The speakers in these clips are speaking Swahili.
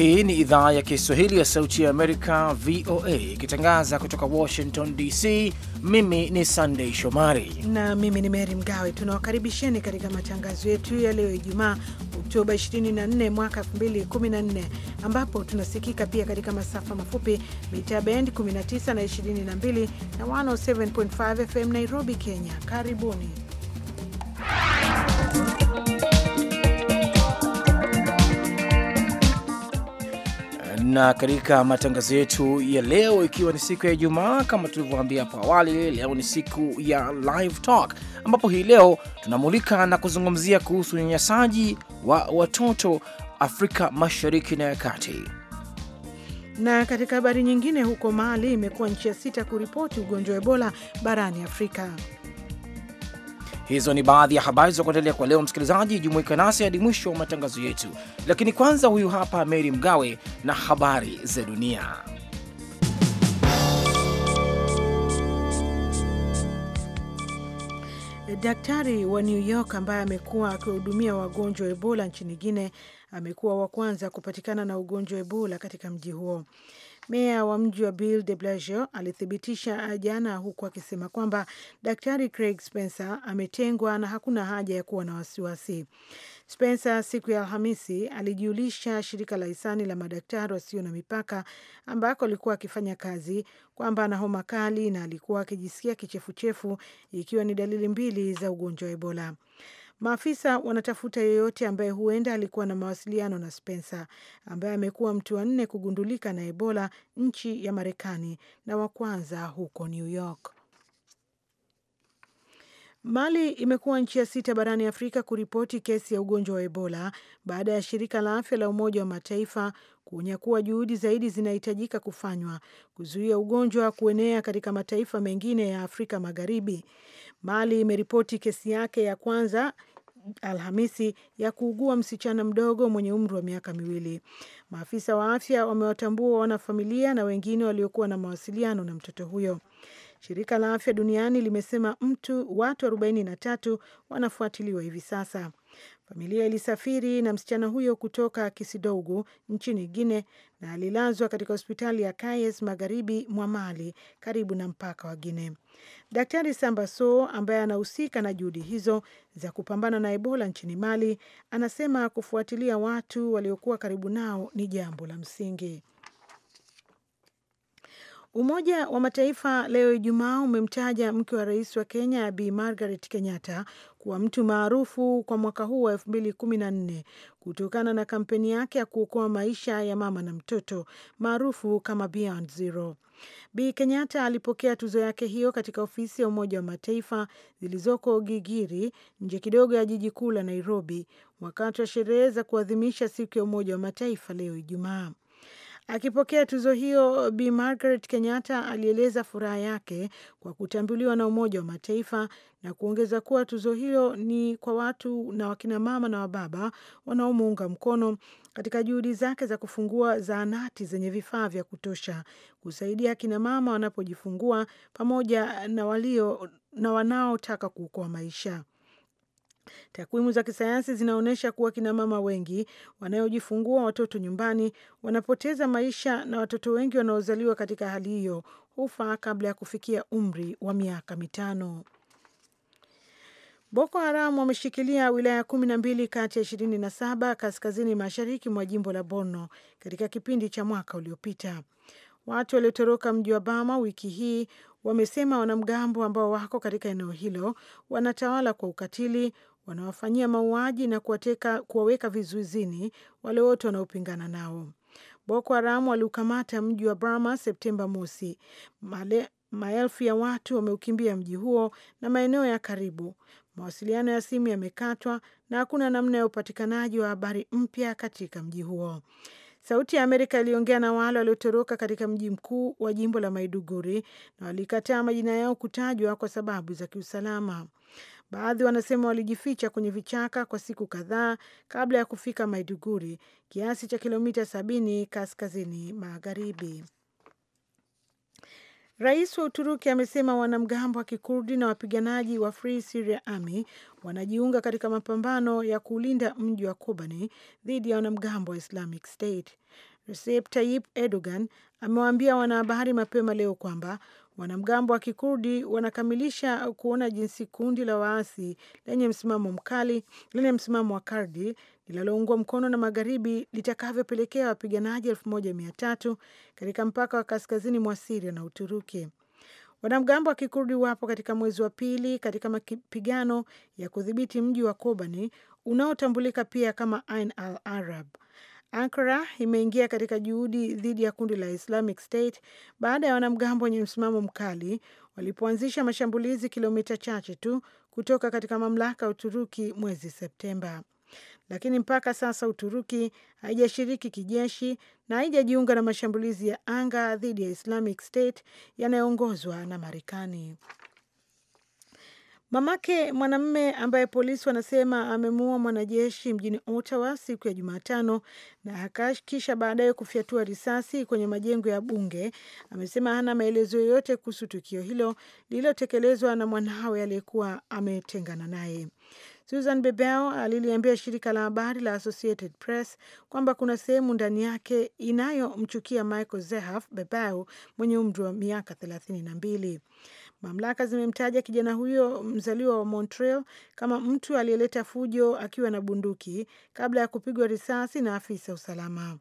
Hii ni idhaa ya Kiswahili ya Sauti ya Amerika, VOA, ikitangaza kutoka Washington DC. Mimi ni Sandei Shomari na mimi ni mery Mgawe. Tunawakaribisheni katika matangazo yetu ya leo Ijumaa, Oktoba 24 mwaka 2014, ambapo tunasikika pia katika masafa mafupi mita bendi 19 na 22 na 107.5 FM Nairobi, Kenya. Karibuni. na katika matangazo yetu ya leo, ikiwa ni siku ya Ijumaa kama tulivyoambia hapo awali, leo ni siku ya live talk, ambapo hii leo tunamulika na kuzungumzia kuhusu unyanyasaji wa watoto Afrika Mashariki na ya Kati. Na katika habari nyingine, huko Mali imekuwa nchi ya sita kuripoti ugonjwa wa Ebola barani Afrika. Hizo ni baadhi ya habari za kuendelea kwa leo. Msikilizaji, jumuika nasi hadi mwisho wa matangazo yetu, lakini kwanza, huyu hapa Meri Mgawe na habari za dunia. Daktari wa New York ambaye amekuwa akiwahudumia wagonjwa wa Ebola nchini Guinea amekuwa wa kwanza kupatikana na ugonjwa wa Ebola katika mji huo. Meya wa mji wa Bill de Blasio alithibitisha jana, huku akisema kwamba Daktari Craig Spencer ametengwa na hakuna haja ya kuwa na wasiwasi. Spencer siku ya Alhamisi alijiulisha shirika la hisani la madaktari wasio na mipaka ambako alikuwa akifanya kazi kwamba ana homa kali na alikuwa akijisikia kichefuchefu, ikiwa ni dalili mbili za ugonjwa wa Ebola. Maafisa wanatafuta yeyote ambaye huenda alikuwa na mawasiliano na Spencer ambaye amekuwa mtu wa nne kugundulika na Ebola nchi ya Marekani na wa kwanza huko New York. Mali imekuwa nchi ya sita barani Afrika kuripoti kesi ya ugonjwa wa Ebola baada ya shirika la afya la Umoja wa Mataifa kuonya kuwa juhudi zaidi zinahitajika kufanywa kuzuia ugonjwa kuenea katika mataifa mengine ya Afrika Magharibi. Mali imeripoti kesi yake ya kwanza Alhamisi ya kuugua msichana mdogo mwenye umri wa miaka miwili. Maafisa wa afya wamewatambua wanafamilia na wengine waliokuwa na mawasiliano na mtoto huyo. Shirika la Afya Duniani limesema mtu watu 43 wanafuatiliwa hivi sasa. Familia ilisafiri na msichana huyo kutoka Kisidougu nchini Guine na alilazwa katika hospitali ya Kayes magharibi mwa Mali karibu na mpaka wa Guine. Daktari Sambaso ambaye anahusika na juhudi hizo za kupambana na Ebola nchini Mali anasema kufuatilia watu waliokuwa karibu nao ni jambo la msingi. Umoja wa Mataifa leo Ijumaa umemtaja mke wa rais wa Kenya Bi Margaret Kenyatta kuwa mtu maarufu kwa mwaka huu wa 2014 kutokana na kampeni yake ya kuokoa maisha ya mama na mtoto maarufu kama Beyond Zero. Bi Kenyatta alipokea tuzo yake hiyo katika ofisi ya Umoja wa Mataifa zilizoko Gigiri, nje kidogo ya jiji kuu la Nairobi, wakati wa sherehe za kuadhimisha siku ya Umoja wa Mataifa leo Ijumaa. Akipokea tuzo hiyo, Bi Margaret Kenyatta alieleza furaha yake kwa kutambuliwa na Umoja wa Mataifa na kuongeza kuwa tuzo hiyo ni kwa watu na wakinamama na wababa wanaomuunga mkono katika juhudi zake za kufungua zahanati zenye vifaa vya kutosha kusaidia akinamama wanapojifungua pamoja na walio na wanaotaka kuokoa maisha. Takwimu za kisayansi zinaonyesha kuwa kina mama wengi wanaojifungua watoto nyumbani wanapoteza maisha na watoto wengi wanaozaliwa katika hali hiyo hufa kabla ya kufikia umri wa miaka mitano. Boko Haram wameshikilia wilaya kumi na mbili kati ya ishirini na saba kaskazini mashariki mwa jimbo la Borno katika kipindi cha mwaka uliopita. Watu waliotoroka mji wa Bama wiki hii wamesema wanamgambo ambao wako katika eneo hilo wanatawala kwa ukatili, wanawafanyia mauaji na kuwateka, kuwaweka vizuizini wale wote wanaopingana nao. Boko Haram waliukamata mji wa Brama Septemba mosi. Male, maelfu ya watu wameukimbia mji huo na maeneo ya karibu. Mawasiliano ya simu yamekatwa na hakuna namna ya upatikanaji wa habari mpya katika mji huo. Sauti ya Amerika iliongea na wale waliotoroka katika mji mkuu wa jimbo la Maiduguri na walikataa majina yao kutajwa kwa sababu za kiusalama. Baadhi wanasema walijificha kwenye vichaka kwa siku kadhaa kabla ya kufika Maiduguri, kiasi cha kilomita sabini kaskazini magharibi. Rais wa Uturuki amesema wanamgambo wa Kikurdi na wapiganaji wa Free Syria Army wanajiunga katika mapambano ya kuulinda mji wa Kobani dhidi ya wanamgambo wa Islamic State. Recep Tayyip Erdogan amewaambia wanahabari mapema leo kwamba Wanamgambo wa Kikurdi wanakamilisha kuona jinsi kundi la waasi lenye msimamo mkali lenye msimamo wa Kardi linaloungwa mkono na magharibi litakavyopelekea wapiganaji elfu moja mia tatu katika mpaka wa kaskazini mwa Siria na Uturuki. Wanamgambo wa Kikurdi wapo katika mwezi wa pili katika mapigano ya kudhibiti mji wa Kobani unaotambulika pia kama Ain al Arab. Ankara imeingia katika juhudi dhidi ya kundi la Islamic State baada ya wanamgambo wenye msimamo mkali walipoanzisha mashambulizi kilomita chache tu kutoka katika mamlaka ya Uturuki mwezi Septemba. Lakini mpaka sasa Uturuki haijashiriki kijeshi na haijajiunga na mashambulizi ya anga dhidi ya Islamic State yanayoongozwa na Marekani. Mamake mwanamume ambaye polisi wanasema amemuua mwanajeshi mjini Ottawa siku ya Jumatano na kisha baadaye kufyatua risasi kwenye majengo ya bunge amesema hana maelezo yoyote kuhusu tukio hilo lililotekelezwa na mwanawe aliyekuwa ametengana naye. Susan Bebel aliliambia shirika la habari la Associated Press kwamba kuna sehemu ndani yake inayomchukia Michael Zehaf Bebel mwenye umri wa miaka thelathini na mbili. Mamlaka zimemtaja kijana huyo mzaliwa wa Montreal kama mtu aliyeleta fujo akiwa na bunduki kabla ya kupigwa risasi na afisa usalama.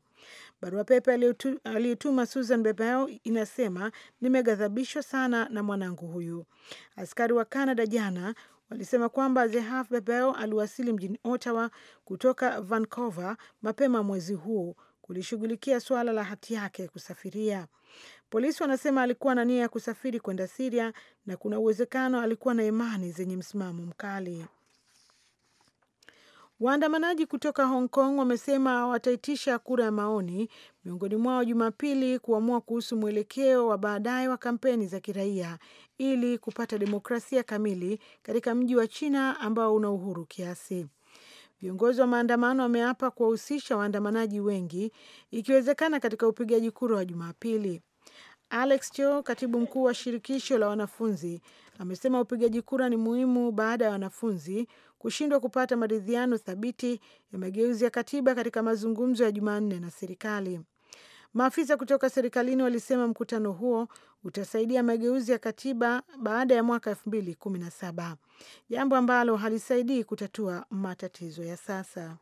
Barua pepe aliyetuma Susan Bebel inasema nimeghadhabishwa sana na mwanangu huyu. Askari wa canada jana walisema kwamba Zehaf Bebel aliwasili mjini Ottawa kutoka Vancouver mapema mwezi huu kulishughulikia suala la hati yake kusafiria. Polisi wanasema alikuwa na nia ya kusafiri kwenda Siria na kuna uwezekano alikuwa na imani zenye msimamo mkali. Waandamanaji kutoka Hong Kong wamesema wataitisha kura ya maoni miongoni mwao Jumapili kuamua kuhusu mwelekeo wa baadaye wa kampeni za kiraia ili kupata demokrasia kamili katika mji wa China ambao una uhuru kiasi. Viongozi wa maandamano wameapa kuwahusisha waandamanaji wengi ikiwezekana katika upigaji kura wa Jumapili. Alex Cho, katibu mkuu wa shirikisho la wanafunzi, amesema upigaji kura ni muhimu baada ya wanafunzi kushindwa kupata maridhiano thabiti ya mageuzi ya katiba katika mazungumzo ya Jumanne na serikali. Maafisa kutoka serikalini walisema mkutano huo utasaidia mageuzi ya katiba baada ya mwaka elfu mbili kumi na saba, jambo ambalo halisaidii kutatua matatizo ya sasa.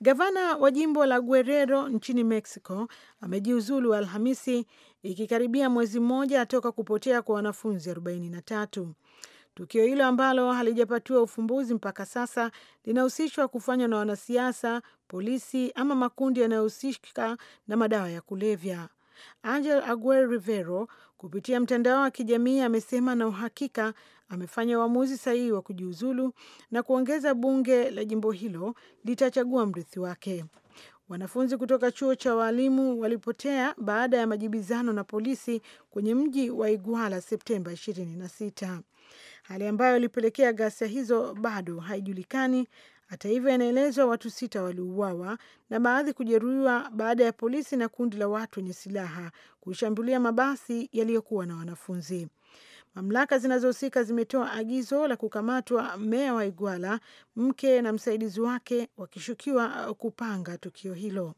Gavana wa jimbo la Guerrero nchini Mexico amejiuzulu Alhamisi, ikikaribia mwezi mmoja toka kupotea kwa wanafunzi 43. Tukio hilo ambalo halijapatiwa ufumbuzi mpaka sasa linahusishwa kufanywa na wanasiasa, polisi ama makundi yanayohusika na madawa ya kulevya. Angel Aguer Rivero, kupitia mtandao wa kijamii amesema na uhakika amefanya uamuzi sahihi wa kujiuzulu na kuongeza bunge la jimbo hilo litachagua mrithi wake. Wanafunzi kutoka chuo cha waalimu walipotea baada ya majibizano na polisi kwenye mji wa Iguala Septemba 26, hali ambayo ilipelekea ghasia hizo bado haijulikani, hata hivyo, yanaelezwa watu sita waliuawa na baadhi kujeruhiwa baada ya polisi na kundi la watu wenye silaha kushambulia mabasi yaliyokuwa na wanafunzi. Mamlaka zinazohusika zimetoa agizo la kukamatwa meya wa Igwala, mke na msaidizi wake, wakishukiwa kupanga tukio hilo.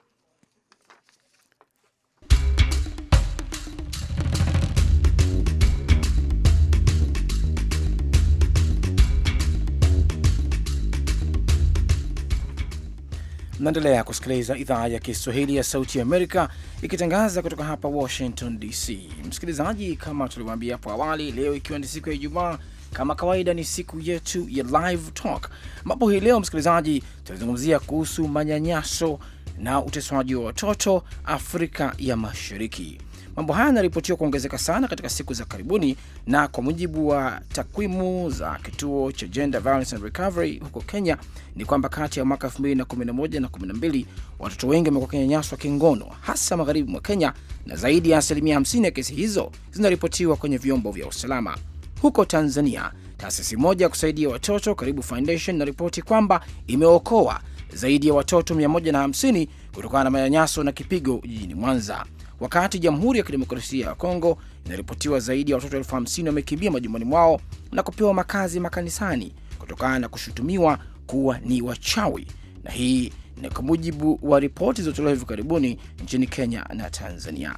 Mnaendelea kusikiliza idhaa ya Kiswahili ya Sauti ya Amerika ikitangaza kutoka hapa Washington DC. Msikilizaji, kama tulivyoambia hapo awali, leo ikiwa ni siku ya Ijumaa, kama kawaida, ni siku yetu ya Live Talk ambapo hii leo msikilizaji, tunazungumzia kuhusu manyanyaso na uteswaji wa watoto Afrika ya Mashariki. Mambo haya yanaripotiwa kuongezeka sana katika siku za karibuni, na kwa mujibu wa takwimu za kituo cha Gender Violence and Recovery huko Kenya ni kwamba kati ya mwaka 2011 na 12 watoto wengi wamekuwa kinyanyaswa kingono, hasa magharibi mwa Kenya, na zaidi ya asilimia 50 ya kesi hizo zinaripotiwa kwenye vyombo vya usalama. Huko Tanzania, taasisi moja ya kusaidia watoto Karibu Foundation inaripoti kwamba imeokoa zaidi ya watoto 150 kutokana na manyanyaso na kipigo jijini Mwanza wakati Jamhuri ya Kidemokrasia ya Kongo inaripotiwa zaidi ya watoto elfu hamsini wamekimbia majumbani mwao na kupewa makazi makanisani kutokana na kushutumiwa kuwa ni wachawi, na hii ni kwa mujibu wa ripoti zilizotolewa hivi karibuni nchini Kenya na Tanzania.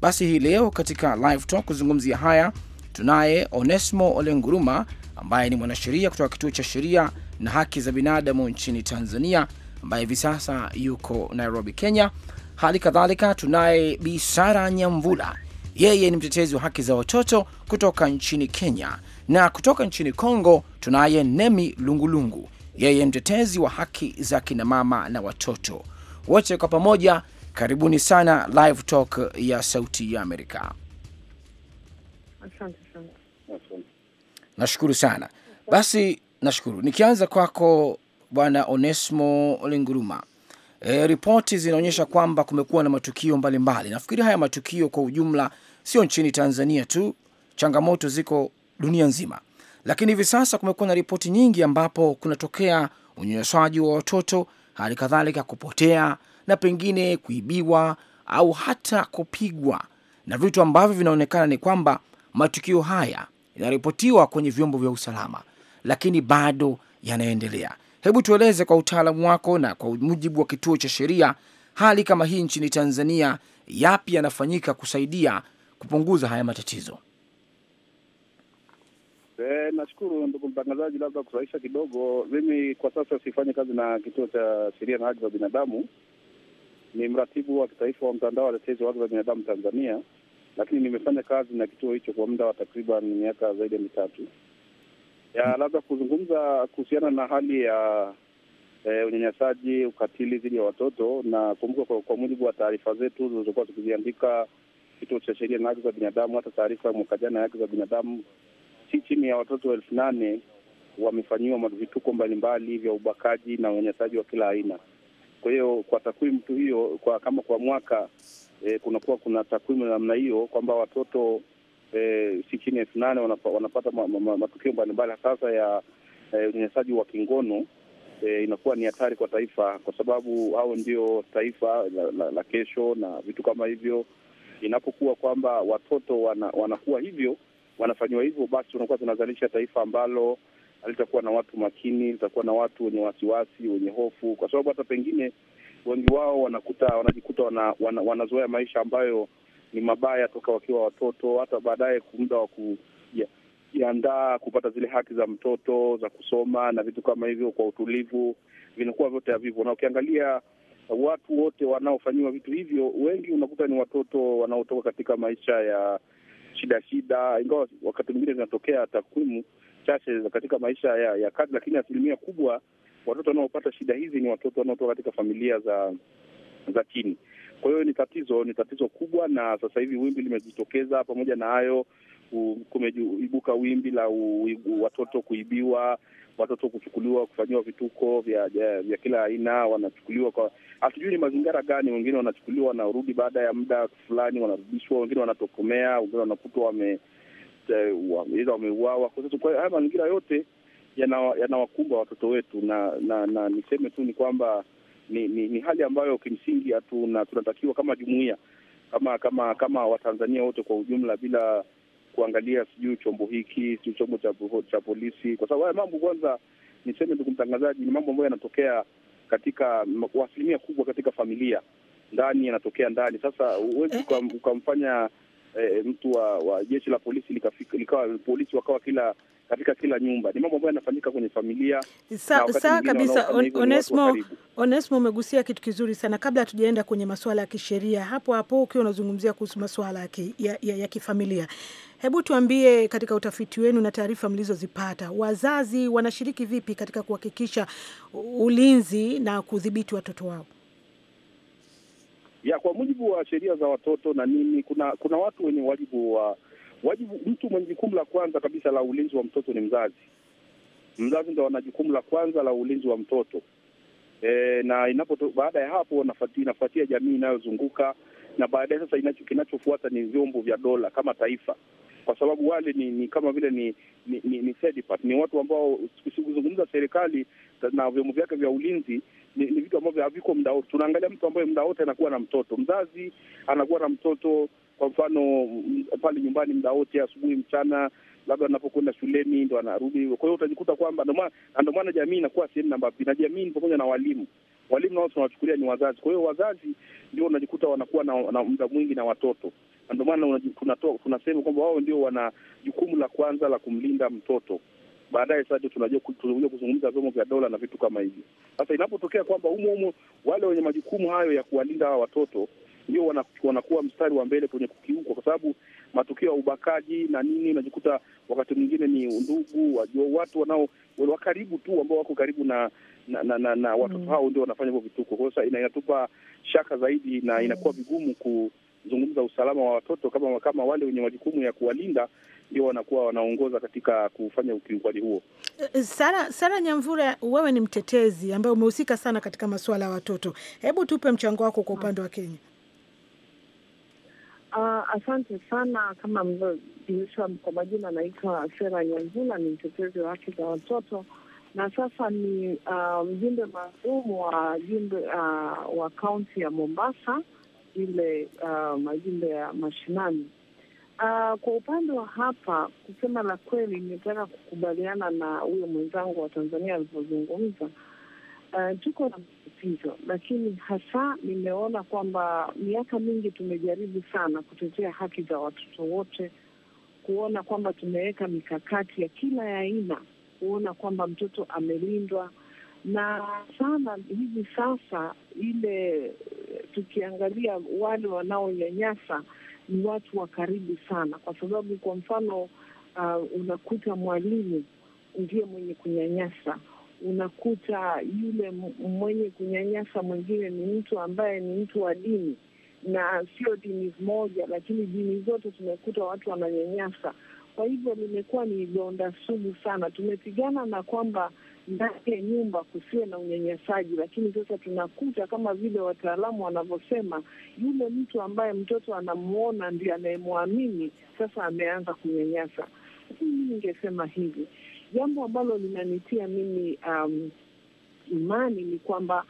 Basi hii leo katika Live Talk kuzungumzia haya tunaye Onesmo Olenguruma ambaye ni mwanasheria kutoka kituo cha sheria na haki za binadamu nchini Tanzania, ambaye hivi sasa yuko Nairobi, Kenya, Hali kadhalika tunaye Bisara Nyamvula, yeye ni mtetezi wa haki za watoto kutoka nchini Kenya, na kutoka nchini Kongo tunaye Nemi Lungulungu, yeye ni mtetezi wa haki za kinamama na watoto. Wote kwa pamoja, karibuni sana Live Talk ya Sauti ya Amerika. Nashukuru sana. Basi nashukuru, nikianza kwako Bwana Onesmo Olenguruma. E, ripoti zinaonyesha kwamba kumekuwa na matukio mbalimbali Nafikiri haya matukio kwa ujumla sio nchini Tanzania tu, changamoto ziko dunia nzima, lakini hivi sasa kumekuwa na ripoti nyingi ambapo kunatokea unyanyasaji wa watoto, hali kadhalika kupotea na pengine kuibiwa au hata kupigwa, na vitu ambavyo vinaonekana ni kwamba matukio haya yanaripotiwa kwenye vyombo vya usalama, lakini bado yanaendelea. Hebu tueleze kwa utaalamu wako na kwa mujibu wa kituo cha sheria, hali kama hii nchini Tanzania, yapi yanafanyika kusaidia kupunguza haya matatizo? E, nashukuru ndugu mtangazaji. Labda kurahisha kidogo, mimi kwa sasa sifanye kazi na kituo cha sheria na haki za binadamu. Ni mratibu wa kitaifa wa mtandao wa watetezi wa haki za binadamu Tanzania, lakini nimefanya kazi na kituo hicho kwa muda wa takriban miaka zaidi ya mitatu ya labda kuzungumza kuhusiana na hali ya e, unyanyasaji, ukatili dhidi ya watoto. Na kumbuka kwa, kwa mujibu wa taarifa zetu zilizokuwa tukiziandika kituo cha sheria na haki za binadamu, hata taarifa ya mwaka jana ya haki za binadamu, si chini ya watoto elfu nane wamefanyiwa vituko mbalimbali vya ubakaji na unyanyasaji wa kila aina. Kwa hiyo kwa takwimu tu hiyo, kwa kama kwa mwaka e, kunakuwa kuna takwimu namna hiyo kwamba watoto eh, si chini ya elfu nane wanapata matukio mbalimbali sasa ya eh, unyanyasaji wa kingono eh, inakuwa ni hatari kwa taifa, kwa sababu hao ndio taifa la, la, la kesho na vitu kama hivyo. Inapokuwa kwamba watoto wana, wanakuwa hivyo wanafanyiwa hivyo, basi tunakuwa tunazalisha taifa ambalo litakuwa na watu makini, litakuwa na watu wenye wasiwasi, wenye hofu, kwa sababu hata pengine wengi wao wanakuta wanajikuta wanazoea wana, wana maisha ambayo ni mabaya toka wakiwa watoto, hata baadaye muda wa kujiandaa kupata zile haki za mtoto za kusoma na vitu kama hivyo kwa utulivu, vinakuwa vyote havivyo. Na ukiangalia watu wote wanaofanyiwa vitu hivyo, wengi unakuta ni watoto wanaotoka katika maisha ya shida shida, ingawa wakati mwingine zinatokea takwimu chache katika maisha ya, ya kati, lakini asilimia kubwa watoto wanaopata shida hizi ni watoto wanaotoka katika familia za za chini. Kwa hiyo ni tatizo, ni tatizo kubwa, na sasa hivi wimbi limejitokeza. Pamoja na hayo, kumeibuka wimbi la u, u, watoto kuibiwa, watoto kuchukuliwa, kufanyiwa vituko vya, vya, vya kila aina. Wanachukuliwa kwa hatujui ni mazingira gani, wengine wanachukuliwa wanarudi baada ya muda fulani, wanarudishwa, wengine wanatokomea, wengine wanakutwa wame aidha wameuawa. Kwa haya mazingira yote yanawakumba yana watoto wetu, na, na, na niseme tu ni kwamba ni, ni, ni hali ambayo kimsingi hatuna tunatakiwa kama jumuia kama kama kama Watanzania wote kwa ujumla bila kuangalia sijui chombo hiki sijui chombo cha, cha polisi, kwa sababu haya mambo kwanza, niseme ndugu mtangazaji, ni mambo ambayo yanatokea katika asilimia kubwa katika familia ndani, yanatokea ndani. Sasa huwezi eh. ukamfanya eh, mtu wa, wa jeshi la polisi likawa polisi wakawa kila katika kila nyumba. Ni mambo ambayo yanafanyika kwenye familia. Sawa kabisa. Onesmo, Onesmo, umegusia kitu kizuri sana. Kabla hatujaenda kwenye masuala ya kisheria, hapo hapo ukiwa unazungumzia kuhusu masuala ya, ya, ya kifamilia, hebu tuambie, katika utafiti wenu na taarifa mlizozipata, wazazi wanashiriki vipi katika kuhakikisha ulinzi na kudhibiti watoto wao? Ya, kwa mujibu wa sheria za watoto na nini, kuna kuna watu wenye wajibu wa uh, wajibu, mtu mwenye jukumu la kwanza kabisa la ulinzi wa mtoto ni mzazi. Mzazi ndo ana jukumu la kwanza la ulinzi wa mtoto e, na inapo baada ya hapo inafuatia jamii inayozunguka na baadaye sasa inacho kinachofuata ni vyombo vya dola kama taifa, kwa sababu wale ni, ni kama vile ni ni, ni, ni, third ni watu ambao kuzungumza serikali na vyombo vyake vya ulinzi ni, ni vitu ambavyo haviko mda wote. Tunaangalia mtu ambaye mda wote anakuwa na mtoto, mzazi anakuwa na mtoto kwa mfano pale nyumbani muda wote, asubuhi, mchana, labda anapokwenda shuleni ndo anarudi. Kwa hiyo utajikuta kwamba ndo maana jamii inakuwa sehemu namba pili na jamii ni pamoja na walimu. Walimu nao tunawachukulia ni wazazi, kwa hiyo wazazi ndio unajikuta wanakuwa na, na muda mwingi na watoto, na ndo maana tunasema kwamba wao ndio wana jukumu la kwanza la kumlinda mtoto. Baadaye sasa ndio kuzungumza vyombo vya dola na vitu kama hivyo. Sasa inapotokea kwamba humo humo wale wenye majukumu hayo ya kuwalinda hawa watoto ndio wanakuwa mstari wa mbele kwenye kukiukwa, kwa sababu matukio ya ubakaji na nini, unajikuta wakati mwingine ni ndugu, wajua, watu wanao karibu tu ambao wako karibu na na, na, na, na watoto mm. hao ndio wanafanya hivyo vituko. Kwa sasa inatupa shaka zaidi na mm. inakuwa vigumu kuzungumza usalama wa watoto kama kama wale wenye majukumu ya kuwalinda ndio wanakuwa wanaongoza katika kufanya ukiukwaji huo. Eh, Sara, Sara Nyamvura, wewe ni mtetezi ambaye umehusika sana katika masuala ya watoto, hebu tupe mchango wako kwa mm. upande wa Kenya. Uh, asante sana kama mlivyojulisha, kwa majina anaitwa Sera Nyanzula, ni mtetezi wa haki za watoto na sasa ni uh, mjumbe maalum wa jumbe uh, wa kaunti ya Mombasa, ile uh, majimbo ya mashinani. Uh, kwa upande wa hapa, kusema la kweli, nimetaka kukubaliana na huyo mwenzangu wa Tanzania alivyozungumza. Uh, tuko na tatizo, lakini hasa nimeona kwamba miaka mingi tumejaribu sana kutetea haki za watoto wote, kuona kwamba tumeweka mikakati ya kila aina kuona kwamba mtoto amelindwa na sana. Hivi sasa ile tukiangalia wale wanaonyanyasa ni watu wa karibu sana, kwa sababu kwa mfano uh, unakuta mwalimu ndiye mwenye kunyanyasa unakuta yule mwenye kunyanyasa mwingine ni mtu ambaye ni mtu wa dini na sio dini moja, lakini dini zote tumekuta watu wananyanyasa. Kwa hivyo limekuwa ni donda sugu sana. Tumepigana na kwamba ndani ya nyumba kusiwe na unyanyasaji, lakini sasa tunakuta kama vile wataalamu wanavyosema, yule mtu ambaye mtoto anamwona ndio anayemwamini sasa ameanza kunyanyasa. Lakini mimi ningesema hivi jambo ambalo linanitia mimi um, imani ni kwamba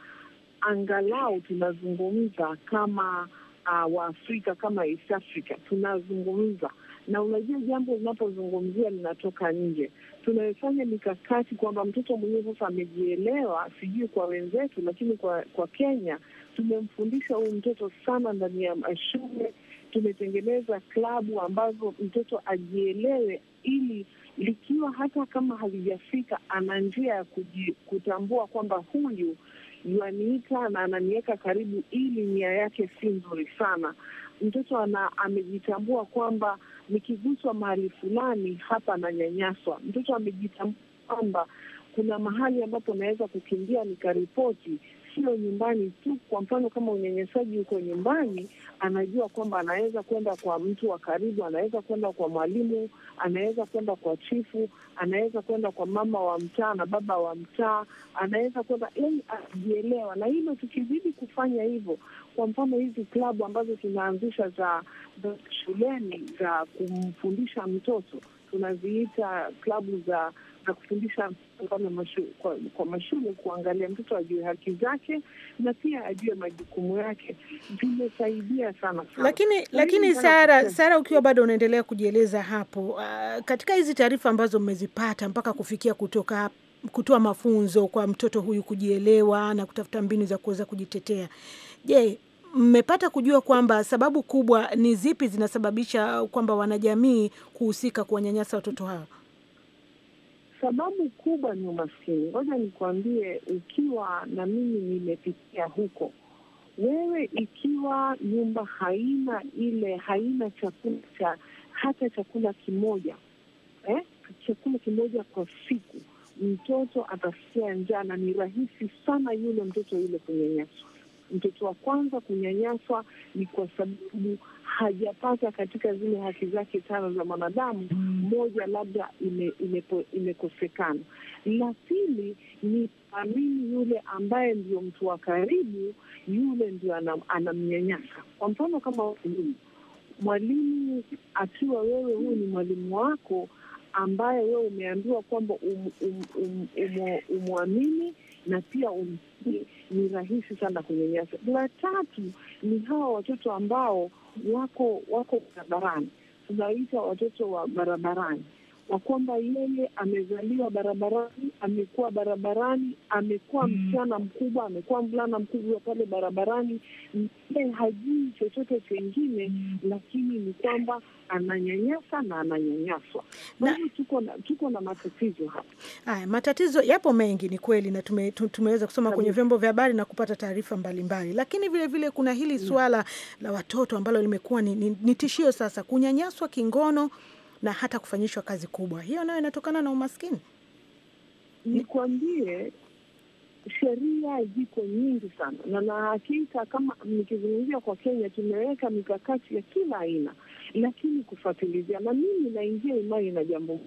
angalau tunazungumza kama uh, Waafrika kama East Africa tunazungumza na unajua, jambo linapozungumzia linatoka nje, tunaefanya mikakati kwamba mtoto mwenyewe sasa amejielewa, sijui kwa wenzetu, lakini kwa kwa Kenya tumemfundisha huyu mtoto sana ndani ya mashule tumetengeneza klabu ambazo mtoto ajielewe ili likiwa hata kama halijafika, ana njia ya kutambua kwamba huyu yuaniita na ananiweka karibu, ili nia yake si nzuri sana. Mtoto ana amejitambua kwamba nikiguswa mahali fulani hapa ananyanyaswa. Mtoto amejitambua kwamba kuna mahali ambapo naweza kukimbia nikaripoti sio nyumbani tu. Kwa mfano kama unyanyasaji uko nyumbani, anajua kwamba anaweza kwenda kwa mtu wa karibu, anaweza kwenda kwa mwalimu, anaweza kwenda kwa chifu, anaweza kwenda kwa mama wa mtaa na baba wa mtaa, anaweza kwenda yani, ajielewa. Na hilo tukizidi kufanya hivyo, kwa mfano hizi klabu ambazo tunaanzisha za, za shuleni za kumfundisha mtoto tunaziita klabu za na kufundisha mfano mashu, kwa, kwa mashule kuangalia mtoto ajue haki zake na pia ajue majukumu yake vimesaidia sana sana. Lakini, lakini Sara, Sara ukiwa bado unaendelea kujieleza hapo, uh, katika hizi taarifa ambazo mmezipata mpaka kufikia kutoka hapa kutoa mafunzo kwa mtoto huyu kujielewa na kutafuta mbinu za kuweza kujitetea. Je, mmepata kujua kwamba sababu kubwa ni zipi zinasababisha kwamba wanajamii kuhusika kuwanyanyasa watoto hao? Sababu kubwa ni umaskini. Ngoja nikuambie, ukiwa na mimi nimepitia huko, wewe ikiwa nyumba haina ile haina chakula cha hata chakula kimoja eh, chakula kimoja kwa siku, mtoto atasikia njaa, na ni rahisi sana yule mtoto yule kunyanyaswa. Mtoto wa kwanza kunyanyaswa ni kwa sababu hajapata katika zile haki zake tano za mwanadamu, mm. moja labda imekosekana. La pili ni amini yule ambaye ndio mtu wa karibu, yule ndio anamnyanyasa. Kwa mfano kama mwalimu, mwalimu akiwa wewe huyu ni mwalimu wako ambaye wewe umeambiwa kwamba um, um, um, um, umwamini na pia umsii, ni rahisi sana kunyanyasa. La tatu ni hawa watoto ambao wako wako barabarani, tunawita watoto wa barabarani na kwamba yeye amezaliwa barabarani, amekuwa barabarani, amekuwa mm. msichana mkubwa, amekuwa mvulana mkubwa pale barabarani, e hajui chochote chengine, mm. lakini ni kwamba ananyanyasa na ananyanyaswa. Kwa hiyo tuko na, tuko na matatizo hapa. Haya matatizo yapo mengi, ni kweli, na tume, tumeweza kusoma kwenye vyombo vya habari na kupata taarifa mbalimbali, lakini vilevile vile kuna hili mm. suala la watoto ambalo limekuwa ni, ni, ni tishio sasa, kunyanyaswa kingono na hata kufanyishwa kazi kubwa. Hiyo nayo inatokana na umaskini. Nikwambie, sheria ziko nyingi sana, na na hakika, kama nikizungumzia kwa Kenya, tumeweka mikakati ya kila aina, lakini kufuatilizia, na mimi naingia imani na jambo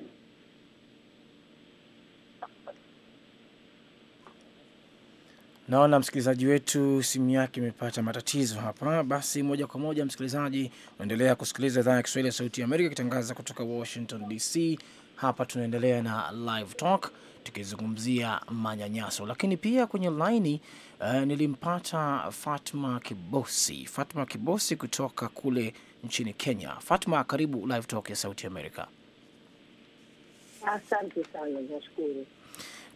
Naona msikilizaji wetu simu yake imepata matatizo hapa. Basi moja kwa moja, msikilizaji, unaendelea kusikiliza idhaa ya Kiswahili ya Sauti ya Amerika ikitangaza kutoka Washington DC. Hapa tunaendelea na live talk tukizungumzia manyanyaso, lakini pia kwenye laini uh, nilimpata Fatma Kibosi. Fatma Kibosi kutoka kule nchini Kenya. Fatma, karibu live talk ya Sauti ya Amerika. Asante sana, nashukuru.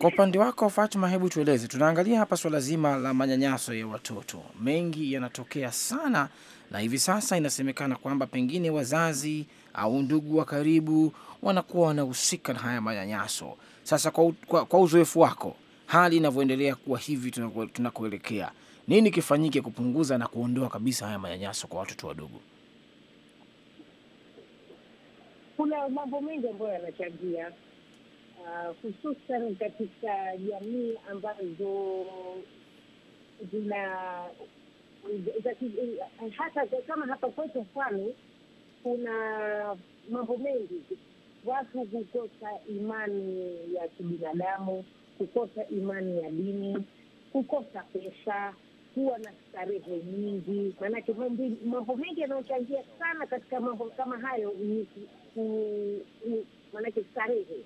Kwa upande wako Fatma, hebu tueleze, tunaangalia hapa swala zima la manyanyaso ya watoto, mengi yanatokea sana, na hivi sasa inasemekana kwamba pengine wazazi au ndugu wa karibu wanakuwa wanahusika na haya manyanyaso. Sasa kwa, kwa, kwa uzoefu wako, hali inavyoendelea kuwa hivi tunakoelekea, nini kifanyike kupunguza na kuondoa kabisa haya manyanyaso kwa watoto wadogo? Kuna mambo mengi ambayo yanachangia uh, hususan katika jamii ambazo zina hata kama hapa kwetu mfano kuna mambo mengi, watu kukosa imani ya kibinadamu, kukosa imani ya dini, kukosa pesa, kuwa na starehe nyingi. Maanake mambo mengi yanayochangia sana katika mambo kama hayo ni maanake starehe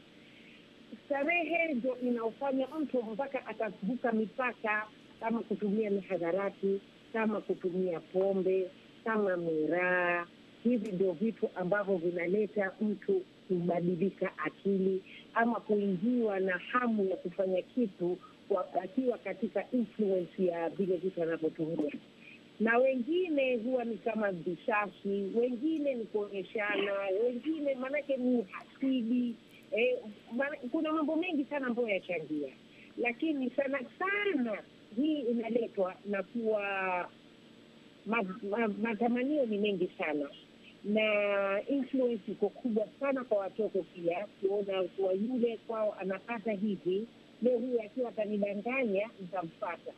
starehe ndio inaofanya mtu mpaka atavuka mipaka, kama kutumia mihadharati kama kutumia pombe, kama miraa. Hivi ndio vitu ambavyo vinaleta mtu kubadilika akili ama kuingiwa na hamu ya kufanya kitu akiwa katika influence ya vile vitu anavyotumia. Na wengine huwa ni kama vishashi, wengine ni kuonyeshana, wengine maanake ni hasidi eh, kuna mambo mengi sana ambayo yachangia, lakini sana sana hii inaletwa na kuwa matamanio ma, ma, ni mengi sana na influence iko kubwa sana kwa watoto pia, kuona kuwa yule kwao anapata hivi, leo huyu akiwa atanidanganya nitamfata,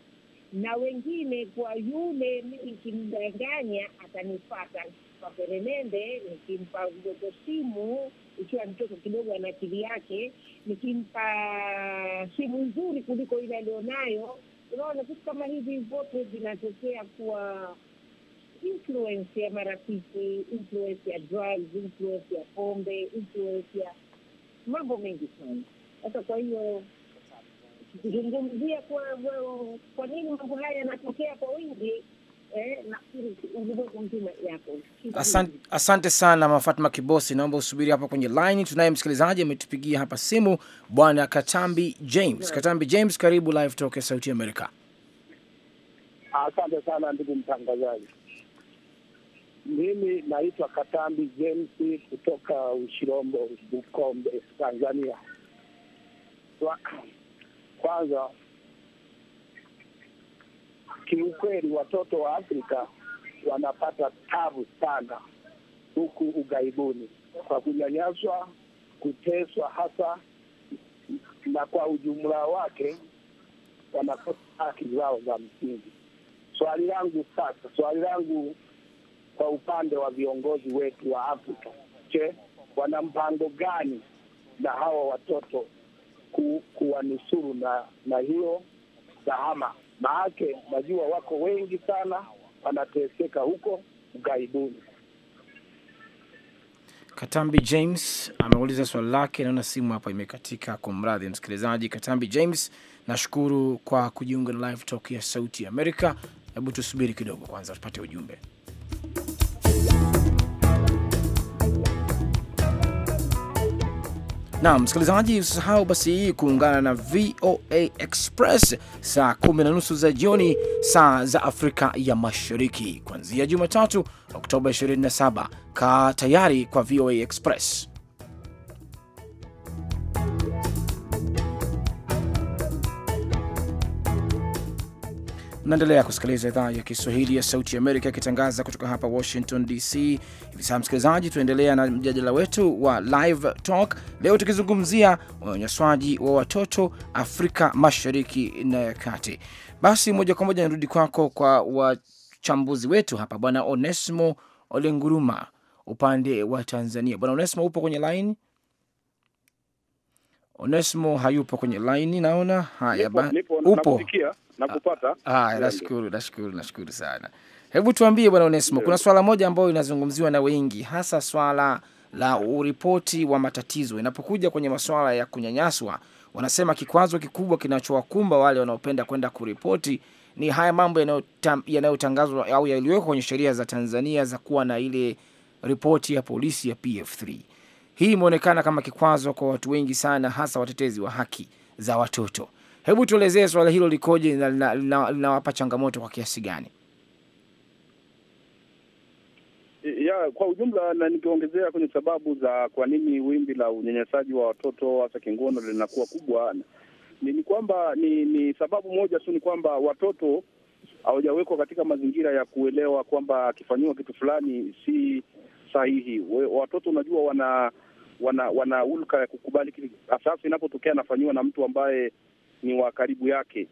na wengine kwa yule nikimdanganya atanifata, nikipa peremende, nikimpa mdogo simu ikiwa mtoto kidogo ana akili yake, nikimpa simu nzuri kuliko ile alionayo. Unaona, vitu kama hivi vote vinatokea kuwa influence ya marafiki, influence ya drugs, influence ya pombe, influence ya mambo mengi sana. Sasa kwa hiyo kizungumzia kwa, kwa nini mambo haya yanatokea kwa wingi asante, asante sana Mama Fatma Kibosi, naomba usubiri hapa kwenye line. Tunaye msikilizaji ametupigia hapa simu, Bwana Katambi James Katambi James, karibu live talk ya Sauti Amerika. Asante sana ndugu mtangazaji, mimi naitwa Katambi James kutoka Ushirombo, Bukombe, Tanzania. Kwanza kiukweli watoto wa Afrika wanapata tabu sana huku ughaibuni kwa kunyanyaswa, kuteswa hasa na kwa ujumla wake wanakosa haki zao za msingi. Swali langu sasa, swali langu kwa upande wa viongozi wetu wa Afrika, je, wana mpango gani na hawa watoto ku, kuwanusuru na, na hiyo dhahama? maake najua wako wengi sana wanateseka huko ughaibuni. Katambi James ameuliza swali lake. Naona simu hapa imekatika, kumradhi msikilizaji. Katambi James, nashukuru kwa kujiunga na live talk ya Sauti ya Amerika. Hebu tusubiri kidogo kwanza tupate ujumbe. na msikilizaji, usisahau basi kuungana na VOA Express saa kumi na nusu za jioni saa za Afrika ya Mashariki kuanzia Jumatatu Oktoba 27. Kaa tayari kwa VOA Express. Naendelea kusikiliza idhaa ya Kiswahili ya Sauti ya Amerika ikitangaza kutoka hapa Washington DC. Hivi sasa, msikilizaji, tunaendelea na mjadala wetu wa Live Talk leo tukizungumzia unyanyaswaji wa watoto Afrika Mashariki na ya Kati. Basi moja kwa moja nirudi kwako kwa wachambuzi wetu hapa, Bwana Onesimo Olenguruma upande wa Tanzania. Bwana Onesimo, upo kwenye line? Onesimo hayupo kwenye line, naona haya. Nipo, nipo, upo Nakupata. Ah, ah nashukuru, nashukuru, nashukuru sana. Hebu tuambie Bwana Onesimo, kuna swala moja ambayo inazungumziwa na wengi, hasa swala la uripoti wa matatizo. Inapokuja kwenye masuala ya kunyanyaswa, wanasema kikwazo kikubwa kinachowakumba wale wanaopenda kwenda kuripoti ni haya mambo yanayotangazwa au yaliyowekwa kwenye sheria za Tanzania za kuwa na ile ripoti ya polisi ya PF3. Hii imeonekana kama kikwazo kwa watu wengi sana, hasa watetezi wa haki za watoto. Hebu tuelezee swala hilo likoje na linawapa changamoto kwa kiasi gani? Ya, kwa ujumla na nikiongezea kwenye sababu za kwa nini wimbi la unyanyasaji wa watoto hasa kingono linakuwa kubwa ni, ni kwamba ni, ni sababu moja tu ni kwamba watoto hawajawekwa katika mazingira ya kuelewa kwamba akifanyiwa kitu fulani si sahihi. We, watoto unajua wana wana wana ulka ya kukubali kitu, hasa inapotokea anafanyiwa na mtu ambaye ni wa karibu yake.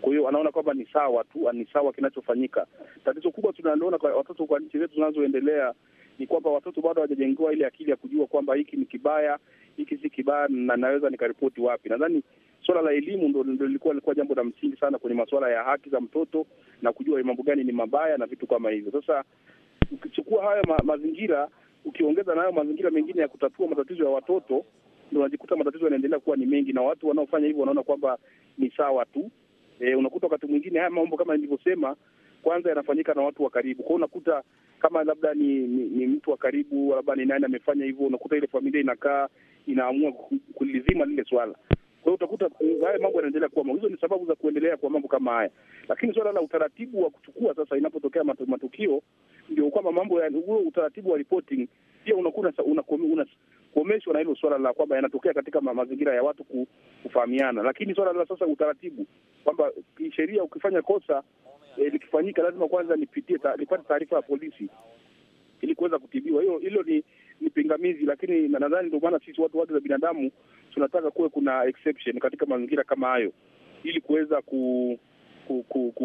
Kwa hiyo anaona kwamba ni sawa tu, ni sawa kinachofanyika. Tatizo kubwa tunaloona kwa watoto kwa nchi zetu zinazoendelea ni kwamba watoto bado hawajajengewa ile akili ya kujua kwamba hiki ni kibaya, hiki si kibaya, na naweza nikaripoti wapi. Nadhani suala la elimu ndo lilikuwa likuwa jambo la msingi sana kwenye masuala ya haki za mtoto na kujua mambo gani ni mabaya na vitu kama hivyo. Sasa ukichukua haya ma mazingira ukiongeza nayo mazingira mengine ya kutatua matatizo ya watoto ndo unajikuta matatizo yanaendelea kuwa ni mengi, na watu wanaofanya hivyo wanaona kwamba ni sawa tu. E, unakuta wakati mwingine haya mambo kama nilivyosema kwanza yanafanyika na watu wa karibu kwao. Unakuta kama labda ni, ni, ni mtu wa karibu, labda ni nani amefanya hivyo, unakuta ile familia inakaa inaamua kulizima lile swala. Kwa hiyo utakuta haya mambo yanaendelea kuwa. Hizo ni sababu za kuendelea kwa mambo kama haya, lakini swala la utaratibu wa kuchukua sasa inapotokea matukio, ndio kwamba mambo ya huo utaratibu wa reporting pia unakuwa una, una, una, kuomeshwa na hilo suala la kwamba yanatokea katika mazingira ya watu kufahamiana, lakini suala la sasa utaratibu kwamba kisheria ukifanya kosa eh, likifanyika lazima kwanza nipitie ta, nipate taarifa ya polisi ili kuweza kutibiwa. Hiyo hilo ni, ni pingamizi, lakini nadhani ndio maana sisi watu wote za binadamu tunataka kuwe kuna exception katika mazingira kama hayo ili kuweza ku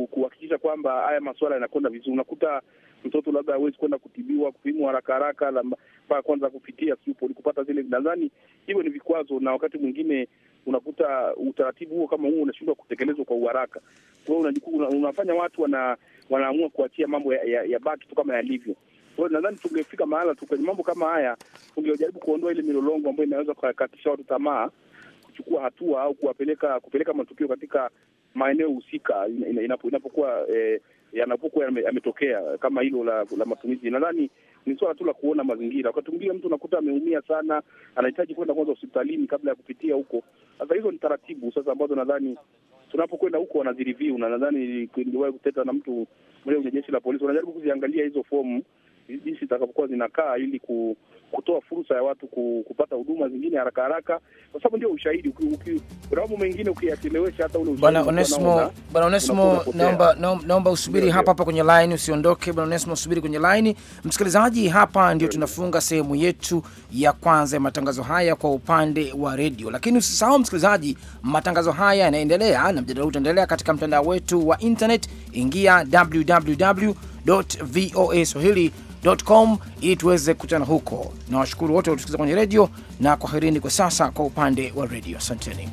kuhakikisha ku, ku, kwamba haya masuala yanakwenda vizuri. Unakuta mtoto labda hawezi kwenda kutibiwa kupimwa haraka haraka, mpaka kwanza kupitia siupo kupata zile, nadhani hivyo ni vikwazo, na wakati mwingine unakuta utaratibu huo kama huo unashindwa kutekelezwa kwa uharaka. Kwa hiyo una, unafanya watu wana, wanaamua kuachia mambo ya, ya, ya baki tu kama yalivyo. Kwa hiyo nadhani tungefika mahala tu kwenye mambo kama haya, tungejaribu kuondoa ile milolongo ambayo inaweza kukatisha watu tamaa kuchukua hatua au kuwapeleka kupeleka matukio katika maeneo husika inapokuwa ina, ina, ina, ina, ina, ina, ina, ina, yanapokuwa yametokea kama hilo la, la matumizi. Nadhani ni swala tu la kuona mazingira. Wakati mwingine mtu unakuta ameumia sana, anahitaji kwenda kwanza hospitalini kabla ya kupitia huko. Sasa hizo ni taratibu sasa ambazo nadhani tunapokwenda huko wanaziriviu, na nadhani niliwahi kuteta na mtu mmoja kwenye jeshi la polisi, wanajaribu kuziangalia hizo fomu jinsi zitakapokuwa zinakaa ili ku, kutoa fursa ya watu kupata huduma zingine haraka haraka, kwa sababu ndio ushahidi. Mambo mengine ukiyachelewesha, hata ule bwana Onesimo, bwana Onesimo, naomba naomba usubiri hapa hapa kwenye line, usiondoke bwana Onesimo, usubiri kwenye line. Msikilizaji, hapa ndio tunafunga sehemu yetu ya kwanza ya matangazo haya kwa upande wa redio, lakini usisahau msikilizaji, matangazo haya yanaendelea na mjadala utaendelea katika mtandao wetu wa internet. Ingia www facebook.com ili tuweze kukutana huko. Na washukuru wote waliotusikiza kwenye redio na kwaherini kwa sasa kwa upande wa redio, asanteni.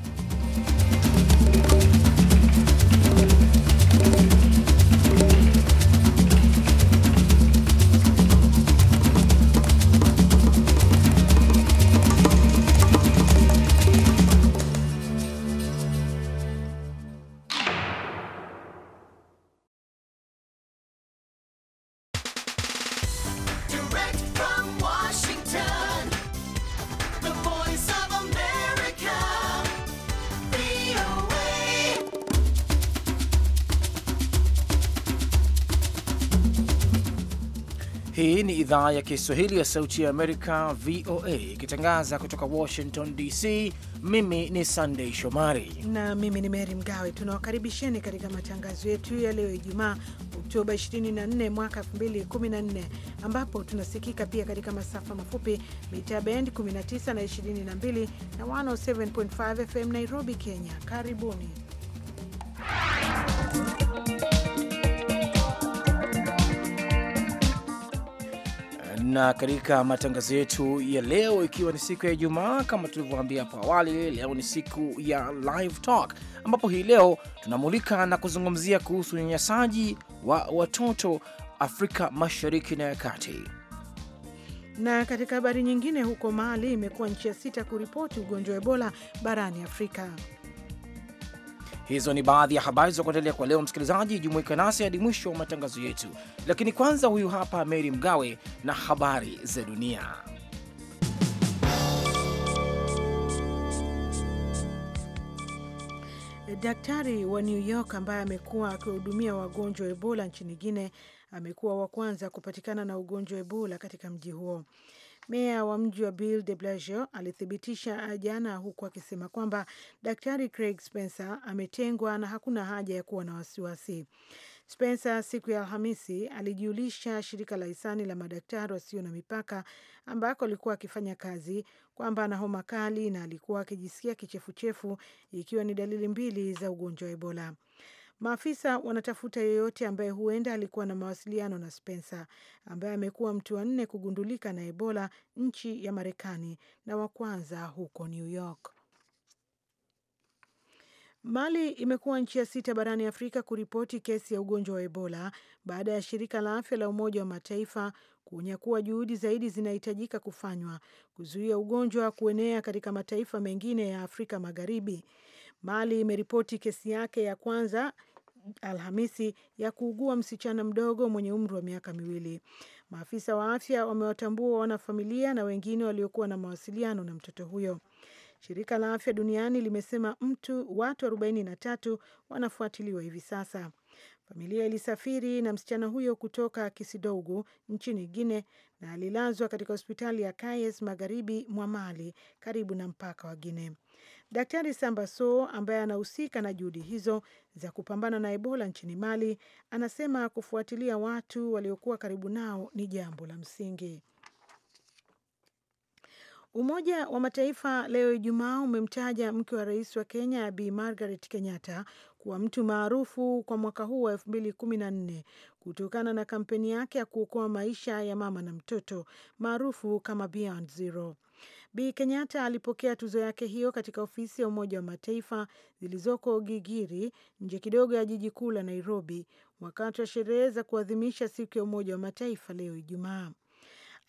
Hii ni idhaa ya Kiswahili ya Sauti ya Amerika, VOA, ikitangaza kutoka Washington DC. Mimi ni Sandei Shomari na mimi ni mery Mgawe. Tunawakaribisheni katika matangazo yetu ya leo Ijumaa, Oktoba 24 mwaka 2014, ambapo tunasikika pia katika masafa mafupi mita bendi 19 na 22 na 107.5 FM Nairobi, Kenya. Karibuni na katika matangazo yetu ya leo, ikiwa ni siku ya Ijumaa kama tulivyoambia hapo awali, leo ni siku ya Live Talk ambapo hii leo tunamulika na kuzungumzia kuhusu unyanyasaji wa watoto Afrika Mashariki na ya Kati. Na katika habari nyingine, huko Mali imekuwa nchi ya sita kuripoti ugonjwa wa Ebola barani Afrika. Hizo ni baadhi ya habari za kuendelea kwa leo. Msikilizaji, jumuika nasi hadi mwisho wa matangazo yetu, lakini kwanza, huyu hapa Meri Mgawe na habari za dunia. Daktari wa New York ambaye amekuwa akiwahudumia wagonjwa wa Ebola nchini Guinea amekuwa wa kwanza kupatikana na ugonjwa wa Ebola katika mji huo. Meya wa mji wa Bill de Blasio alithibitisha jana, huku akisema kwamba Daktari Craig Spencer ametengwa na hakuna haja ya kuwa na wasiwasi. Spencer siku ya Alhamisi alijiulisha shirika la hisani la madaktari wasio na mipaka ambako alikuwa akifanya kazi kwamba ana homa kali na alikuwa akijisikia kichefuchefu, ikiwa ni dalili mbili za ugonjwa wa Ebola. Maafisa wanatafuta yeyote ambaye huenda alikuwa na mawasiliano na Spencer ambaye amekuwa mtu wa nne kugundulika na Ebola nchi ya Marekani na wa kwanza huko New York. Mali imekuwa nchi ya sita barani Afrika kuripoti kesi ya ugonjwa wa Ebola baada ya shirika la afya la Umoja wa Mataifa kuonya kuwa juhudi zaidi zinahitajika kufanywa kuzuia ugonjwa kuenea katika mataifa mengine ya Afrika Magharibi. Mali imeripoti kesi yake ya kwanza Alhamisi ya kuugua msichana mdogo mwenye umri wa miaka miwili. Maafisa wa afya wamewatambua wanafamilia na wengine waliokuwa na mawasiliano na mtoto huyo. Shirika la Afya Duniani limesema mtu watu 43 wanafuatiliwa hivi sasa. Familia ilisafiri na msichana huyo kutoka Kisidougu nchini Guine na alilazwa katika hospitali ya Kayes magharibi mwa Mali karibu na mpaka wa Guine. Daktari sambaso ambaye anahusika na juhudi hizo za kupambana na Ebola nchini Mali anasema kufuatilia watu waliokuwa karibu nao ni jambo la msingi. Umoja wa Mataifa leo Ijumaa umemtaja mke wa rais wa Kenya Bi Margaret Kenyatta kuwa mtu maarufu kwa mwaka huu wa elfu mbili kumi na nne kutokana na kampeni yake ya kuokoa maisha ya mama na mtoto maarufu kama Beyond Zero. Bi Kenyatta alipokea tuzo yake hiyo katika ofisi ya Umoja wa Mataifa zilizoko Gigiri, nje kidogo ya jiji kuu la Nairobi, wakati wa sherehe za kuadhimisha siku ya Umoja wa Mataifa leo Ijumaa.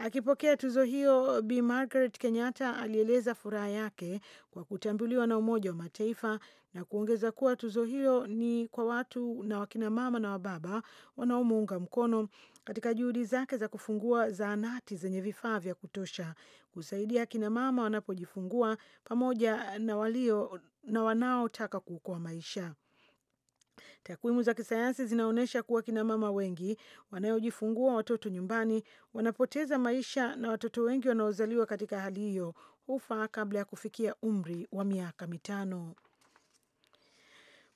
Akipokea tuzo hiyo, Bi Margaret Kenyatta alieleza furaha yake kwa kutambuliwa na Umoja wa Mataifa na kuongeza kuwa tuzo hiyo ni kwa watu na wakinamama na wababa wanaomuunga mkono katika juhudi zake za kufungua zahanati zenye vifaa vya kutosha kusaidia akinamama wanapojifungua pamoja na walio na wanaotaka kuokoa maisha. Takwimu za kisayansi zinaonyesha kuwa kina mama wengi wanaojifungua watoto nyumbani wanapoteza maisha na watoto wengi wanaozaliwa katika hali hiyo hufa kabla ya kufikia umri wa miaka mitano.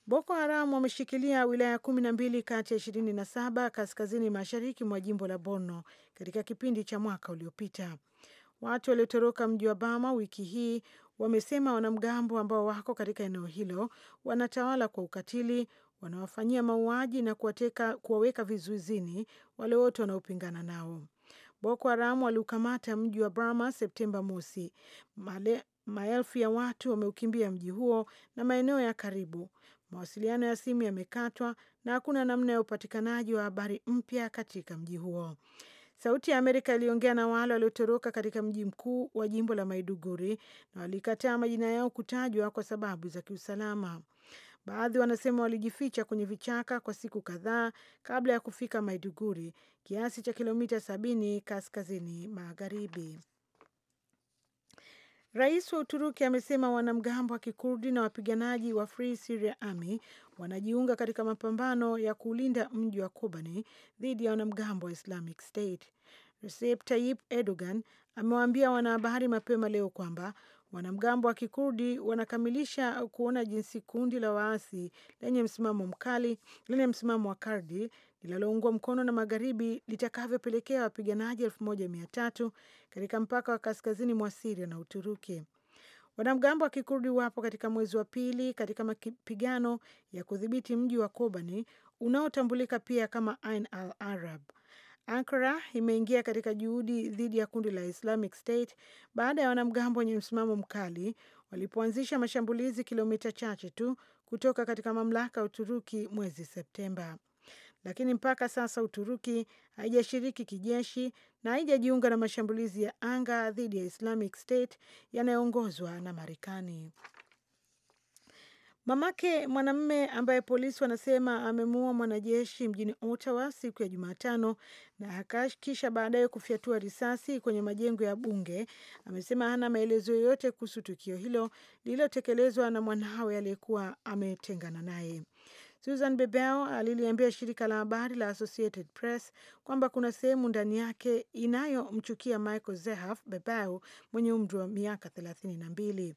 Boko Haram wameshikilia wilaya kumi na mbili kati ya ishirini na saba kaskazini mashariki mwa jimbo la Borno katika kipindi cha mwaka uliopita. Watu waliotoroka mji wa Bama wiki hii wamesema wanamgambo ambao wako katika eneo hilo wanatawala kwa ukatili wanawafanyia mauaji na kuwateka, kuwaweka vizuizini wale wote wanaopingana nao. Boko Haram waliukamata mji wa brama Septemba mosi. Male, maelfu ya watu wameukimbia mji huo na maeneo ya karibu. Mawasiliano ya simu yamekatwa na hakuna namna ya upatikanaji wa habari mpya katika mji huo. Sauti ya Amerika iliongea na wale waliotoroka katika mji mkuu wa jimbo la Maiduguri na walikataa majina yao kutajwa kwa sababu za kiusalama. Baadhi wanasema walijificha kwenye vichaka kwa siku kadhaa kabla ya kufika Maiduguri, kiasi cha kilomita sabini kaskazini magharibi. Rais wa Uturuki amesema wanamgambo wa Kikurdi na wapiganaji wa Free Syria Army wanajiunga katika mapambano ya kulinda mji wa Kobani dhidi ya wanamgambo wa Islamic State. Recep Tayyip Erdogan amewaambia wanahabari mapema leo kwamba Wanamgambo wa Kikurdi wanakamilisha kuona jinsi kundi la waasi lenye msimamo mkali lenye msimamo wa Kardi linaloungwa mkono na magharibi litakavyopelekea wapiganaji elfu moja mia tatu katika mpaka wa kaskazini mwa Siria na Uturuki. Wanamgambo wa Kikurdi wapo katika mwezi wa pili katika mapigano ya kudhibiti mji wa Kobani unaotambulika pia kama Ain al Arab. Ankara imeingia katika juhudi dhidi ya kundi la Islamic State baada ya wanamgambo wenye msimamo mkali walipoanzisha mashambulizi kilomita chache tu kutoka katika mamlaka ya Uturuki mwezi Septemba. Lakini mpaka sasa Uturuki haijashiriki kijeshi na haijajiunga na mashambulizi ya anga dhidi ya Islamic State yanayoongozwa na Marekani. Mamake mwanamme ambaye polisi wanasema amemuua mwanajeshi mjini Ottawa siku ya Jumatano na akakisha baadaye kufyatua risasi kwenye majengo ya bunge amesema hana maelezo yoyote kuhusu tukio hilo lililotekelezwa na mwanawe aliyekuwa ametengana naye. Susan Bebel aliliambia shirika la habari la Associated Press kwamba kuna sehemu ndani yake inayomchukia Michael Zehaf Bebel mwenye umri wa miaka thelathini na mbili.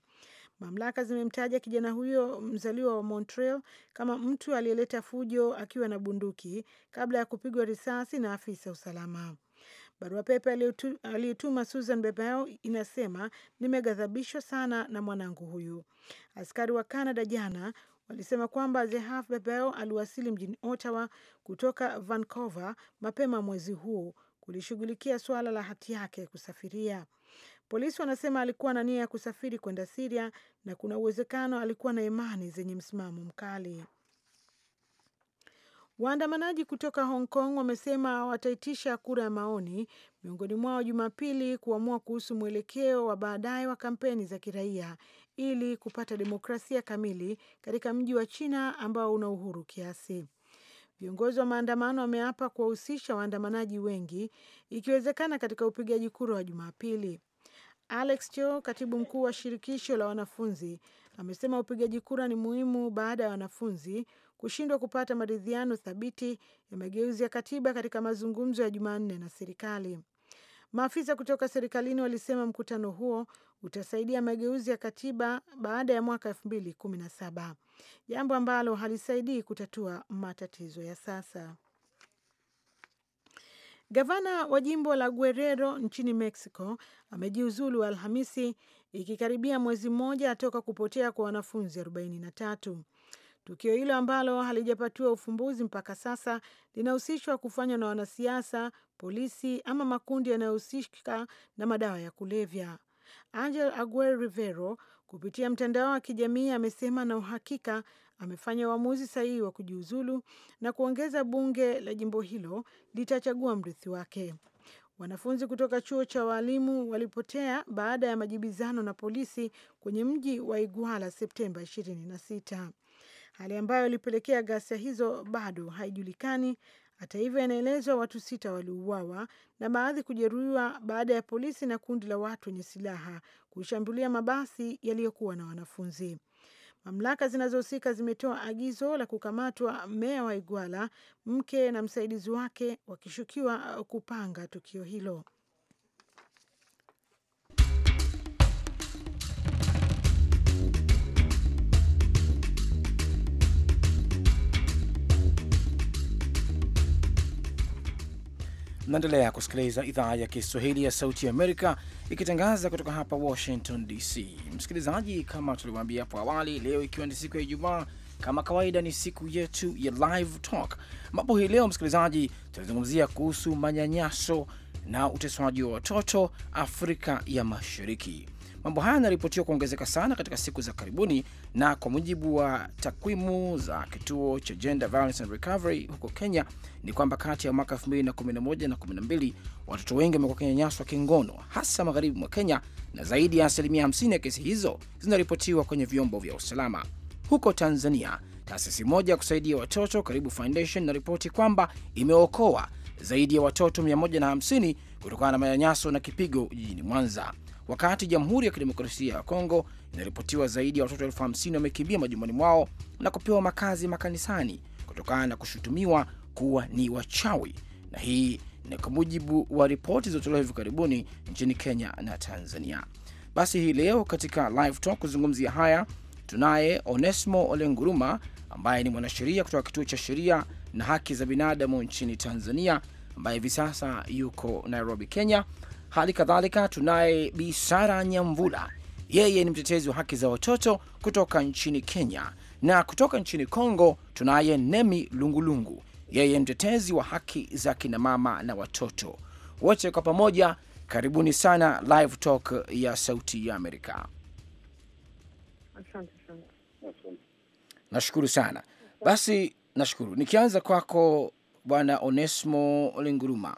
Mamlaka zimemtaja kijana huyo mzaliwa wa Montreal kama mtu aliyeleta fujo akiwa na bunduki kabla ya kupigwa risasi na afisa usalama. Barua pepe aliyetuma Susan Bebel inasema nimeghadhabishwa sana na mwanangu huyu. Askari wa canada jana walisema kwamba Zehaf Bebel aliwasili mjini Ottawa kutoka Vancouver mapema mwezi huu kulishughulikia suala la hati yake kusafiria. Polisi wanasema alikuwa na nia ya kusafiri kwenda Siria na kuna uwezekano alikuwa na imani zenye msimamo mkali. Waandamanaji kutoka Hong Kong wamesema wataitisha kura ya maoni miongoni mwao Jumapili kuamua kuhusu mwelekeo wa baadaye wa kampeni za kiraia ili kupata demokrasia kamili katika mji wa China ambao una uhuru kiasi. Viongozi wa maandamano wameapa kuwahusisha waandamanaji wengi ikiwezekana katika upigaji kura wa Jumapili. Alex Cho, katibu mkuu wa shirikisho la wanafunzi, amesema upigaji kura ni muhimu baada ya wanafunzi kushindwa kupata maridhiano thabiti ya mageuzi ya katiba katika mazungumzo ya Jumanne na serikali. Maafisa kutoka serikalini walisema mkutano huo utasaidia mageuzi ya katiba baada ya mwaka kumi na saba jambo ambalo halisaidii kutatua matatizo ya sasa. Gavana wa jimbo la Guerrero nchini Mexico amejiuzulu Alhamisi, ikikaribia mwezi mmoja toka kupotea kwa wanafunzi 43. Tukio hilo ambalo halijapatiwa ufumbuzi mpaka sasa linahusishwa kufanywa na wanasiasa, polisi ama makundi yanayohusika na madawa ya kulevya. Angel Aguer Rivero kupitia mtandao wa kijamii amesema na uhakika amefanya uamuzi sahihi wa kujiuzulu na kuongeza bunge la jimbo hilo litachagua mrithi wake. Wanafunzi kutoka chuo cha waalimu walipotea baada ya majibizano na polisi kwenye mji wa Iguala Septemba 26, hali ambayo ilipelekea ghasia hizo bado haijulikani. Hata hivyo, inaelezwa watu sita waliuawa na baadhi kujeruhiwa baada ya polisi na kundi la watu wenye silaha kushambulia mabasi yaliyokuwa na wanafunzi. Mamlaka zinazohusika zimetoa agizo la kukamatwa meya wa Iguala, mke na msaidizi wake wakishukiwa uh, kupanga tukio hilo. naendelea kusikiliza idhaa ya Kiswahili ya Sauti ya Amerika ikitangaza kutoka hapa Washington DC. Msikilizaji, kama tulivyoambia hapo awali, leo ikiwa ni siku ya Ijumaa, kama kawaida, ni siku yetu ya Live Talk ambapo hii leo msikilizaji, tunazungumzia kuhusu manyanyaso na uteswaji wa watoto Afrika ya Mashariki. Mambo haya yanaripotiwa kuongezeka sana katika siku za karibuni, na kwa mujibu wa takwimu za kituo cha Gender Violence and Recovery huko Kenya ni kwamba kati ya mwaka 2011 na 12 watoto wengi wamekuwa kinyanyaswa kingono, hasa magharibi mwa Kenya, na zaidi ya asilimia 50 ya kesi hizo zinaripotiwa kwenye vyombo vya usalama. Huko Tanzania, taasisi moja ya kusaidia watoto Karibu Foundation inaripoti kwamba imeokoa zaidi ya watoto 150 kutokana na manyanyaso na kipigo jijini Mwanza wakati Jamhuri ya Kidemokrasia ya Kongo inaripotiwa zaidi ya watoto elfu hamsini wamekimbia majumbani mwao na kupewa makazi makanisani kutokana na kushutumiwa kuwa ni wachawi, na hii ni kwa mujibu wa ripoti zilizotolewa hivi karibuni nchini Kenya na Tanzania. Basi hii leo katika Live Talk kuzungumzia haya tunaye Onesmo Olenguruma ambaye ni mwanasheria kutoka kituo cha sheria na haki za binadamu nchini Tanzania, ambaye hivi sasa yuko Nairobi, Kenya, Hali kadhalika tunaye Bisara Nyamvula, yeye ni mtetezi wa haki za watoto kutoka nchini Kenya, na kutoka nchini Kongo tunaye Nemi Lungulungu, yeye ni mtetezi wa haki za kinamama na watoto. Wote kwa pamoja, karibuni sana Live Talk ya Sauti ya Amerika. Nashukuru sana. Basi nashukuru, nikianza kwako Bwana Onesmo Linguruma.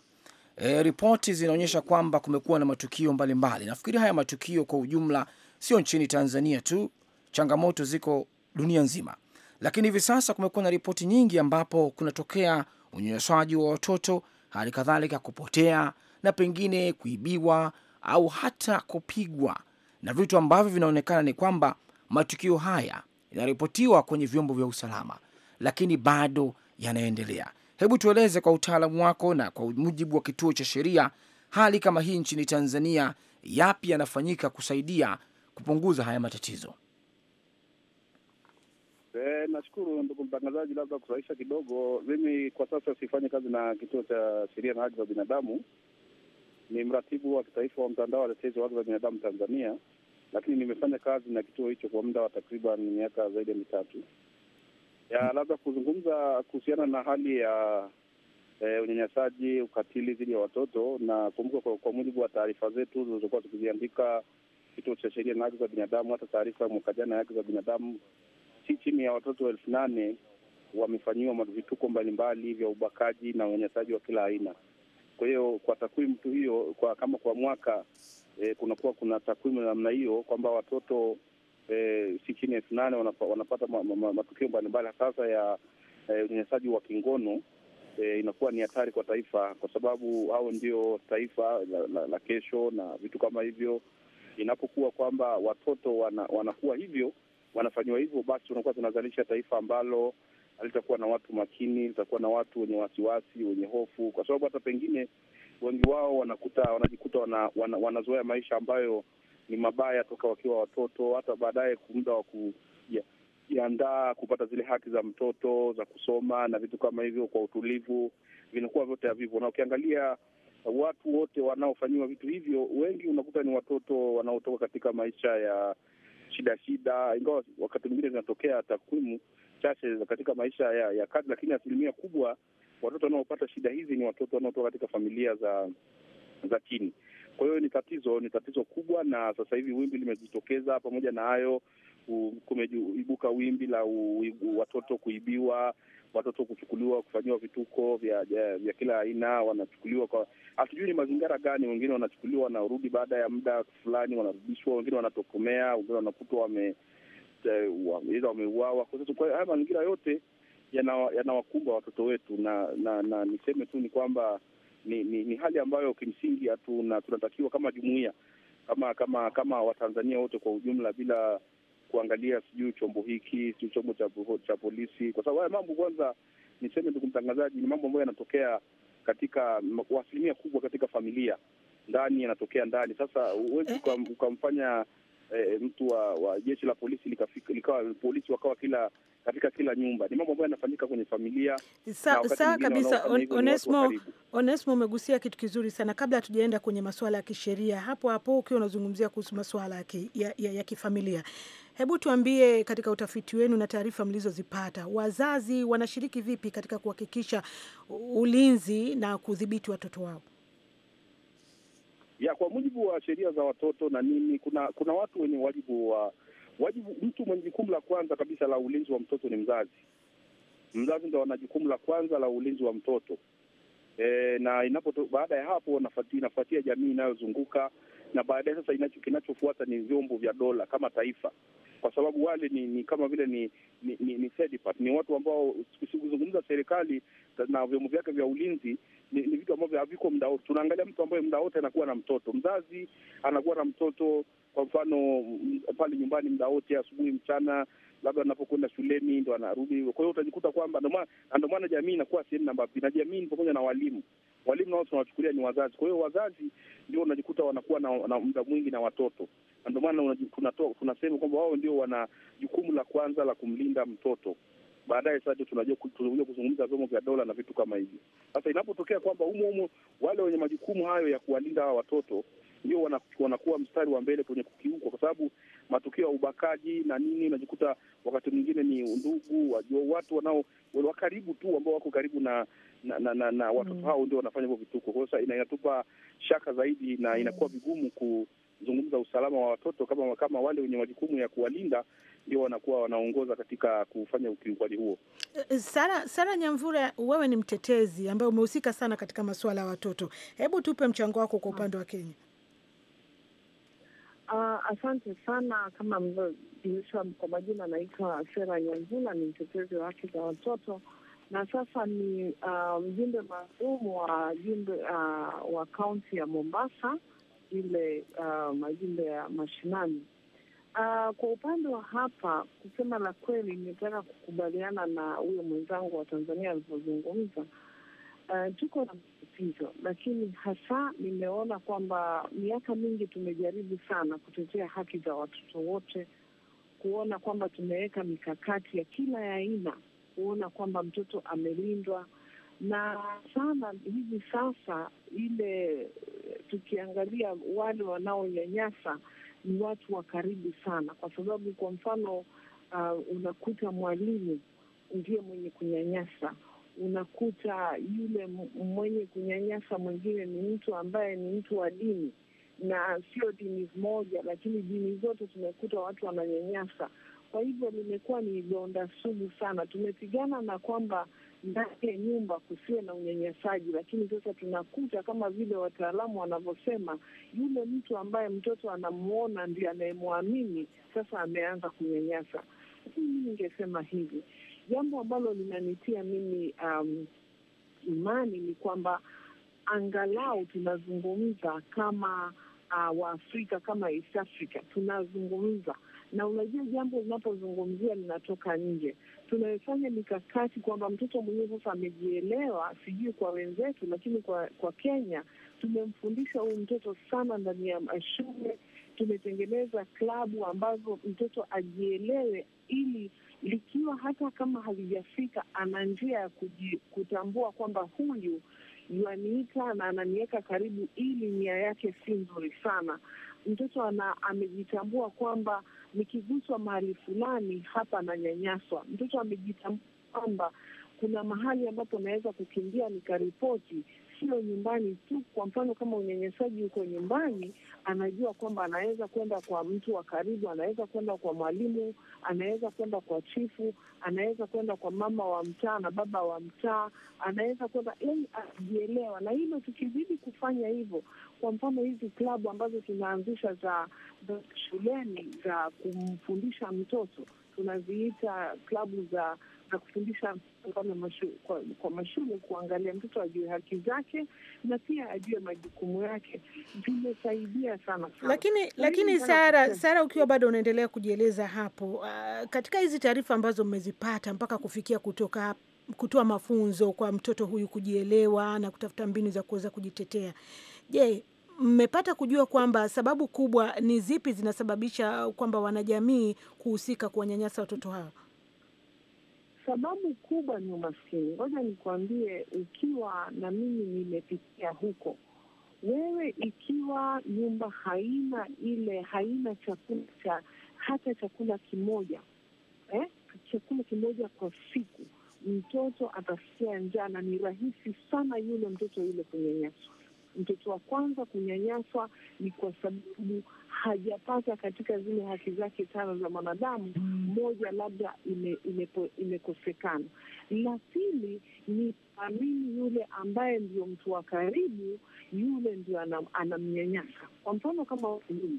E, ripoti zinaonyesha kwamba kumekuwa na matukio mbalimbali Nafikiri haya matukio kwa ujumla sio nchini Tanzania tu, changamoto ziko dunia nzima, lakini hivi sasa kumekuwa na ripoti nyingi ambapo kunatokea unyanyasaji wa watoto, hali kadhalika kupotea na pengine kuibiwa au hata kupigwa, na vitu ambavyo vinaonekana ni kwamba matukio haya yanaripotiwa kwenye vyombo vya usalama, lakini bado yanaendelea. Hebu tueleze kwa utaalamu wako na kwa mujibu wa kituo cha sheria, hali kama hii nchini Tanzania, yapi yanafanyika kusaidia kupunguza haya matatizo? E, nashukuru ndugu mtangazaji. Labda kurahisha kidogo, mimi kwa sasa sifanye kazi na kituo cha sheria na haki za binadamu. Ni mratibu wa kitaifa wa mtandao wa watetezi wa haki za binadamu Tanzania, lakini nimefanya kazi na kituo hicho kwa muda wa takriban miaka zaidi ya mitatu ya labda kuzungumza kuhusiana na hali ya eh, unyanyasaji, ukatili dhidi ya watoto. Na kumbuka, kwa, kwa mujibu wa taarifa zetu zilizokuwa tukiziandika kituo cha sheria na haki za binadamu, hata taarifa ya mwaka jana ya haki za binadamu, si chini ya watoto elfu nane wamefanyiwa vituko mbalimbali vya ubakaji na unyanyasaji wa kila aina. Kwa hiyo kwa takwimu tu hiyo, kwa kama kwa mwaka eh, kunakuwa kuna takwimu namna hiyo kwamba watoto eh, si chini ya elfu nane wanapata matukio mbalimbali sasa ya eh, unyanyasaji wa kingono e, inakuwa ni hatari kwa taifa, kwa sababu hao ndio taifa la, la, la kesho na vitu kama hivyo. Inapokuwa kwamba watoto wana, wanakuwa hivyo wanafanyiwa hivyo, basi tunakuwa tunazalisha taifa ambalo litakuwa na watu makini, litakuwa na watu wenye wasiwasi, wenye hofu, kwa sababu hata pengine wengi wao wanakuta wanajikuta wanazoea wana, wana maisha ambayo ni mabaya toka wakiwa watoto, hata baadaye muda wa kujiandaa kupata zile haki za mtoto za kusoma na vitu kama hivyo kwa utulivu, vinakuwa vyote havivyo. Na ukiangalia watu wote wanaofanyiwa vitu hivyo, wengi unakuta ni watoto wanaotoka katika maisha ya shida shida, ingawa wakati mwingine zinatokea takwimu chache katika maisha ya, ya kati, lakini asilimia kubwa watoto wanaopata shida hizi ni watoto wanaotoka katika familia za za chini. Kwa hiyo ni tatizo, ni tatizo kubwa, na sasa hivi wimbi limejitokeza. Pamoja na hayo, kumeibuka wimbi la u, u, watoto kuibiwa, watoto kuchukuliwa, kufanyiwa vituko vya, vya, vya kila aina. Wanachukuliwa kwa hatujui ni mazingira gani, wengine wanachukuliwa wanarudi baada ya muda fulani, wanarudishwa, wengine wanatokomea, wengine wanakutwa wame aidha wameuawa. Kwa hiyo haya mazingira yote yanawakumba yana watoto wetu, na, na, na niseme tu ni kwamba ni, ni, ni hali ambayo kimsingi hatuna tunatakiwa kama jumuia kama kama kama Watanzania wote kwa ujumla bila kuangalia sijui chombo hiki sijui chombo cha, cha polisi, kwa sababu haya mambo kwanza, niseme ndugu mtangazaji, ni mambo ambayo yanatokea katika asilimia kubwa katika familia ndani, yanatokea ndani. Sasa huwezi eh. ukamfanya eh, mtu wa, wa jeshi la polisi likawa polisi wakawa kila katika kila nyumba. Ni mambo ambayo yanafanyika kwenye familia. Sawa kabisa. Onesmo, Onesmo, umegusia kitu kizuri sana. Kabla hatujaenda kwenye masuala ya kisheria, hapo hapo ukiwa unazungumzia kuhusu masuala ya, ya, ya kifamilia, hebu tuambie, katika utafiti wenu na taarifa mlizozipata, wazazi wanashiriki vipi katika kuhakikisha ulinzi na kudhibiti watoto wao? Ya, kwa mujibu wa sheria za watoto na nini, kuna kuna watu wenye wajibu wa uh, Wajibu, mtu mwenye jukumu la kwanza kabisa la ulinzi wa mtoto ni mzazi. Mzazi ndo ana jukumu la kwanza la ulinzi wa mtoto e, na inapo baada ya hapo inafuatia jamii inayozunguka na baadaye sasa inacho kinachofuata ni vyombo vya dola kama taifa, kwa sababu wale ni, ni kama vile ni ni, ni, ni, third ni watu ambao kuzungumza serikali na vyombo vyake vya ulinzi ni, ni vitu ambavyo haviko mda wote. Tunaangalia mtu ambaye mda wote anakuwa na mtoto, mzazi anakuwa na mtoto kwa mfano pale nyumbani muda wote, asubuhi, mchana, labda anapokwenda shuleni ndo anarudi. Kwa hiyo utajikuta kwamba ndo maana jamii inakuwa sehemu namba pili na jamii ni pamoja na walimu. Walimu nao tunawachukulia ni wazazi, kwa hiyo wazazi ndio unajikuta wanakuwa na, na muda mwingi na watoto, na ndo maana tunasema kwamba wao ndio wana jukumu la kwanza la kumlinda mtoto. Baadaye sasa ndio tunakuja kuzungumza vyombo vya dola na vitu kama hivyo. Sasa inapotokea kwamba humo humo wale wenye majukumu hayo ya kuwalinda hawa watoto ndio wanakuwa mstari wa mbele kwenye kukiukwa, kwa sababu matukio ya ubakaji na nini, unajikuta wakati mwingine ni ndugu, wajua, watu wanao karibu tu ambao wako karibu na na, na, na, na watoto mm. hao ndio wanafanya hivyo vituko. Kwa hiyo inatupa shaka zaidi na mm. inakuwa vigumu kuzungumza usalama wa watoto kama kama wale wenye majukumu ya kuwalinda ndio wanakuwa wanaongoza katika kufanya ukiukwaji huo. Eh, Sara, Sara Nyamvura, wewe ni mtetezi ambaye umehusika sana katika masuala ya watoto, hebu tupe mchango wako kwa mm. upande wa Kenya. Uh, asante sana kama mlivyojulisha, kwa majina anaitwa Sera Nyanzula, ni mtetezi wa haki za watoto na sasa ni ah, mjumbe uh, maalum wa jimbe uh, ah, wa kaunti ya Mombasa, ile uh, majimbe ya mashinani. Uh, kwa upande wa hapa, kusema la kweli, nimetaka kukubaliana na huyo mwenzangu wa Tanzania alivyozungumza Eh, tuko na matatizo, lakini hasa nimeona kwamba miaka mingi tumejaribu sana kutetea haki za watoto wote, kuona kwamba tumeweka mikakati ya kila aina kuona kwamba mtoto amelindwa na sana. Hivi sasa ile tukiangalia wale wanaonyanyasa ni watu wa karibu sana, kwa sababu kwa mfano uh, unakuta mwalimu ndiye mwenye kunyanyasa unakuta yule mwenye kunyanyasa mwingine ni mtu ambaye ni mtu wa dini na sio dini moja, lakini dini zote tumekuta watu wananyanyasa. Kwa hivyo limekuwa ni donda sugu sana. Tumepigana na kwamba ndani ya nyumba kusiwe na unyanyasaji, lakini sasa tunakuta kama vile wataalamu wanavyosema, yule mtu ambaye mtoto anamwona ndio anayemwamini sasa ameanza kunyanyasa. Lakini mi ningesema hivi jambo ambalo linanitia mimi um, imani ni kwamba angalau tunazungumza kama uh, Waafrika kama East Africa tunazungumza na unajua, jambo linapozungumzia linatoka nje, tunawefanya mikakati kwamba mtoto mwenyewe sasa amejielewa, sijui kwa wenzetu, lakini kwa kwa Kenya tumemfundisha huyu mtoto sana ndani ya mashule tumetengeneza klabu ambazo mtoto ajielewe ili likiwa hata kama halijafika, ana njia ya kutambua kwamba huyu yuaniita na ananiweka karibu, ili nia yake si nzuri sana. Mtoto ana amejitambua kwamba nikiguswa mahali fulani hapa ananyanyaswa. Mtoto amejitambua kwamba kuna mahali ambapo naweza kukimbia nikaripoti sio nyumbani tu. Kwa mfano kama unyenyesaji uko nyumbani, anajua kwamba anaweza kwenda kwa mtu wa karibu, anaweza kwenda kwa mwalimu, anaweza kwenda kwa chifu, anaweza kwenda kwa mama wa mtaa na baba wa mtaa, anaweza kwenda yani, ajielewa. Na hilo tukizidi kufanya hivyo, kwa mfano hizi klabu ambazo tunaanzisha za, za shuleni za kumfundisha mtoto tunaziita klabu za za kufundisha kwa, kwa mashule kuangalia mtoto ajue haki zake na pia ajue majukumu yake vimesaidia sana sana. Lakini, lakini Sara, Sara ukiwa bado unaendelea kujieleza hapo, uh, katika hizi taarifa ambazo mmezipata mpaka kufikia kutoka kutoa mafunzo kwa mtoto huyu kujielewa na kutafuta mbinu za kuweza kujitetea. Je, mmepata kujua kwamba sababu kubwa ni zipi zinasababisha kwamba wanajamii kuhusika kuwanyanyasa watoto hao? Sababu kubwa ni umaskini. Ngoja nikuambie, ukiwa na mimi nimepitia huko, wewe ikiwa nyumba haina ile haina chakula cha hata chakula kimoja eh, chakula kimoja kwa siku, mtoto atasikia njaa na ni rahisi sana yule mtoto yule kunyanyaswa mtoto wa kwanza kunyanyaswa ni kwa sababu hajapata katika zile haki zake tano za mwanadamu, mm. moja labda imekosekana. ime, ime la pili ni amini yule ambaye ndio mtu wa karibu, yule ndio anamnyanyasa. Kwa mfano kama mwalimu,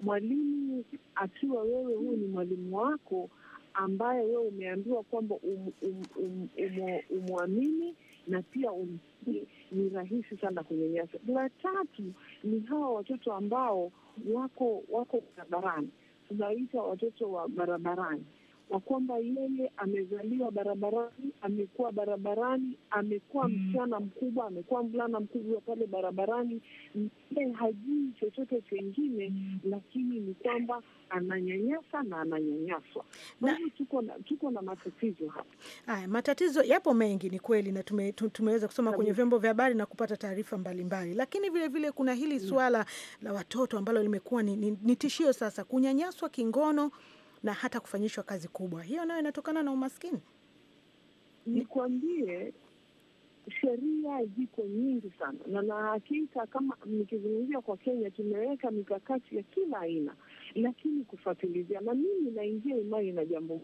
mwalimu akiwa wewe, huyu ni mwalimu wako ambaye wewe umeambiwa kwamba um, um, um, um, umwamini na pia umsikie ni rahisi sana kunyanyasa. La tatu ni hawa watoto ambao wako wako barabarani, tunaita watoto wa barabarani na kwamba yeye amezaliwa barabarani, amekuwa barabarani, amekuwa mm. msichana mkubwa, amekuwa mvulana mkubwa pale barabarani, e hajui chochote chengine, mm. lakini ni kwamba ananyanyasa na ananyanyaswa. Kwa hiyo tuko na, tuko na matatizo hapa. Haya matatizo yapo mengi, ni kweli, na tume, tumeweza kusoma kwenye vyombo vya habari na kupata taarifa mbalimbali, lakini vilevile vile kuna hili mm. suala la watoto ambalo limekuwa ni, ni, ni tishio sasa, kunyanyaswa kingono na hata kufanyishwa kazi kubwa. Hiyo nayo inatokana na umaskini. Nikwambie, sheria ziko nyingi sana, na na hakika, kama nikizungumzia kwa Kenya, tumeweka mikakati ya kila aina, lakini kufuatilizia, na mimi naingia imani na jambo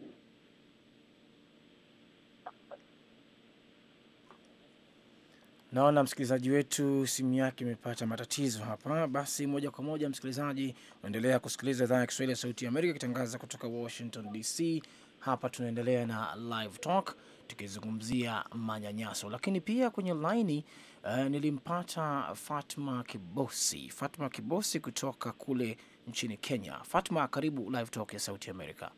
Naona msikilizaji wetu simu yake imepata matatizo hapa. Basi moja kwa moja, msikilizaji, unaendelea kusikiliza idhaa ya Kiswahili ya Sauti ya Amerika ikitangaza kutoka Washington DC. Hapa tunaendelea na live talk tukizungumzia manyanyaso, lakini pia kwenye laini uh, nilimpata Fatma Kibosi, Fatma Kibosi kutoka kule nchini Kenya. Fatma, karibu live talk ya Sauti Amerika.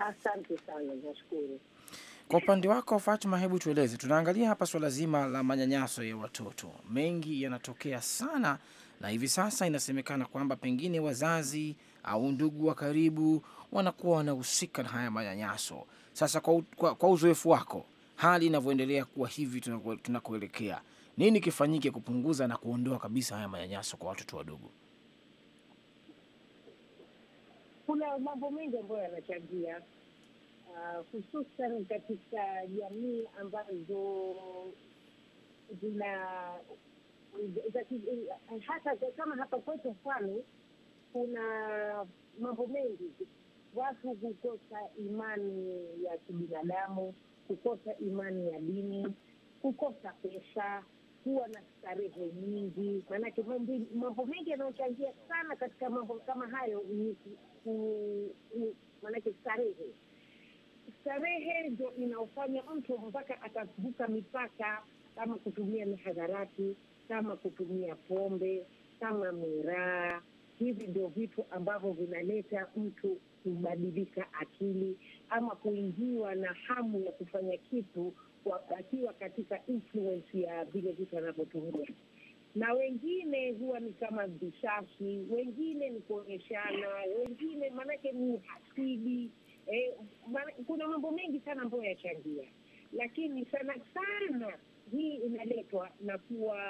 Asante sana, nashukuru. Kwa upande wako Fatma, hebu tueleze, tunaangalia hapa swala zima la manyanyaso ya watoto, mengi yanatokea sana, na hivi sasa inasemekana kwamba pengine wazazi au ndugu wa karibu wanakuwa wanahusika na haya manyanyaso. Sasa kwa, kwa, kwa uzoefu wako, hali inavyoendelea kuwa hivi tunakoelekea, nini kifanyike kupunguza na kuondoa kabisa haya manyanyaso kwa watoto wadogo? Kuna mambo mengi ambayo yanachangia uh, hususan katika jamii ambazo zina hata kama hapa kwetu mfano, kuna mambo mengi, watu kukosa imani ya kibinadamu, kukosa imani ya dini, kukosa pesa, kuwa na starehe nyingi. Maanake mambo mengi yanayochangia sana katika mambo kama hayo ni maanake starehe starehe ndio inaofanya mtu mpaka atavuka mipaka, kama kutumia mihadharati kama kutumia pombe, kama miraa. Hivi ndio vitu ambavyo vinaleta mtu kubadilika akili ama kuingiwa na hamu ya kufanya kitu akiwa katika influence ya vile vitu anavyotumia. Na wengine huwa ni kama vishashi, wengine ni kuonyeshana, wengine maanake ni uhasidi eh, kuna mambo mengi sana ambayo yachangia, lakini sana sana hii inaletwa na kuwa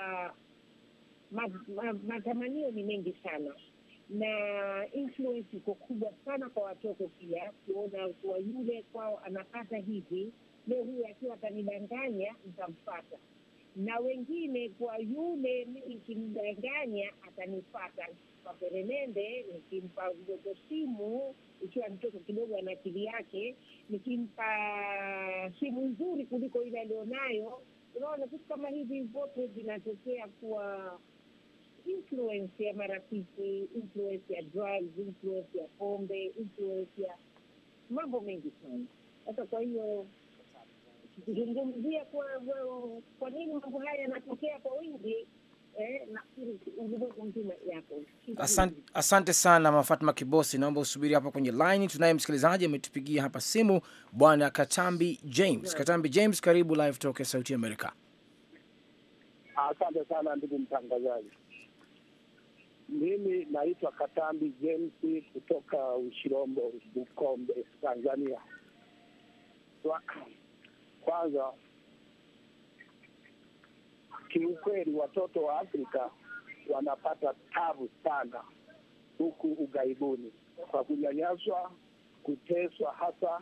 matamanio ma, ma, ni mengi sana na influence iko kubwa sana kwa watoto pia, kuona kuwa yule kwao anapata hivi, leo huyu akiwa atanidanganya ntamfata, na wengine kwa yule ikimdanganya atanifata peremende, nikimpa mtoto simu, ikiwa mtoto kidogo ana akili yake, nikimpa simu nzuri kuliko ile alionayo. Unaona, vitu kama hivi vote vinatokea kuwa influence ya marafiki, influence ya drugs, influence ya pombe, influence ya mambo mengi sana. Sasa kwa hiyo tukizungumzia kwa, kwa nini mambo haya yanatokea kwa wingi Eh, asante, asante sana Mafatma Kibosi, naomba usubiri hapa kwenye line. Tunaye msikilizaji ametupigia hapa simu, Bwana Katambi James yeah. Katambi James, karibu live talk ya Sauti Amerika. Asante sana ndugu mtangazaji. Mimi naitwa Katambi James kutoka Ushirombo, Bukombe, Tanzania. Kwanza kiukweli watoto wa Afrika wanapata tabu sana huku ughaibuni kwa kunyanyaswa, kuteswa hasa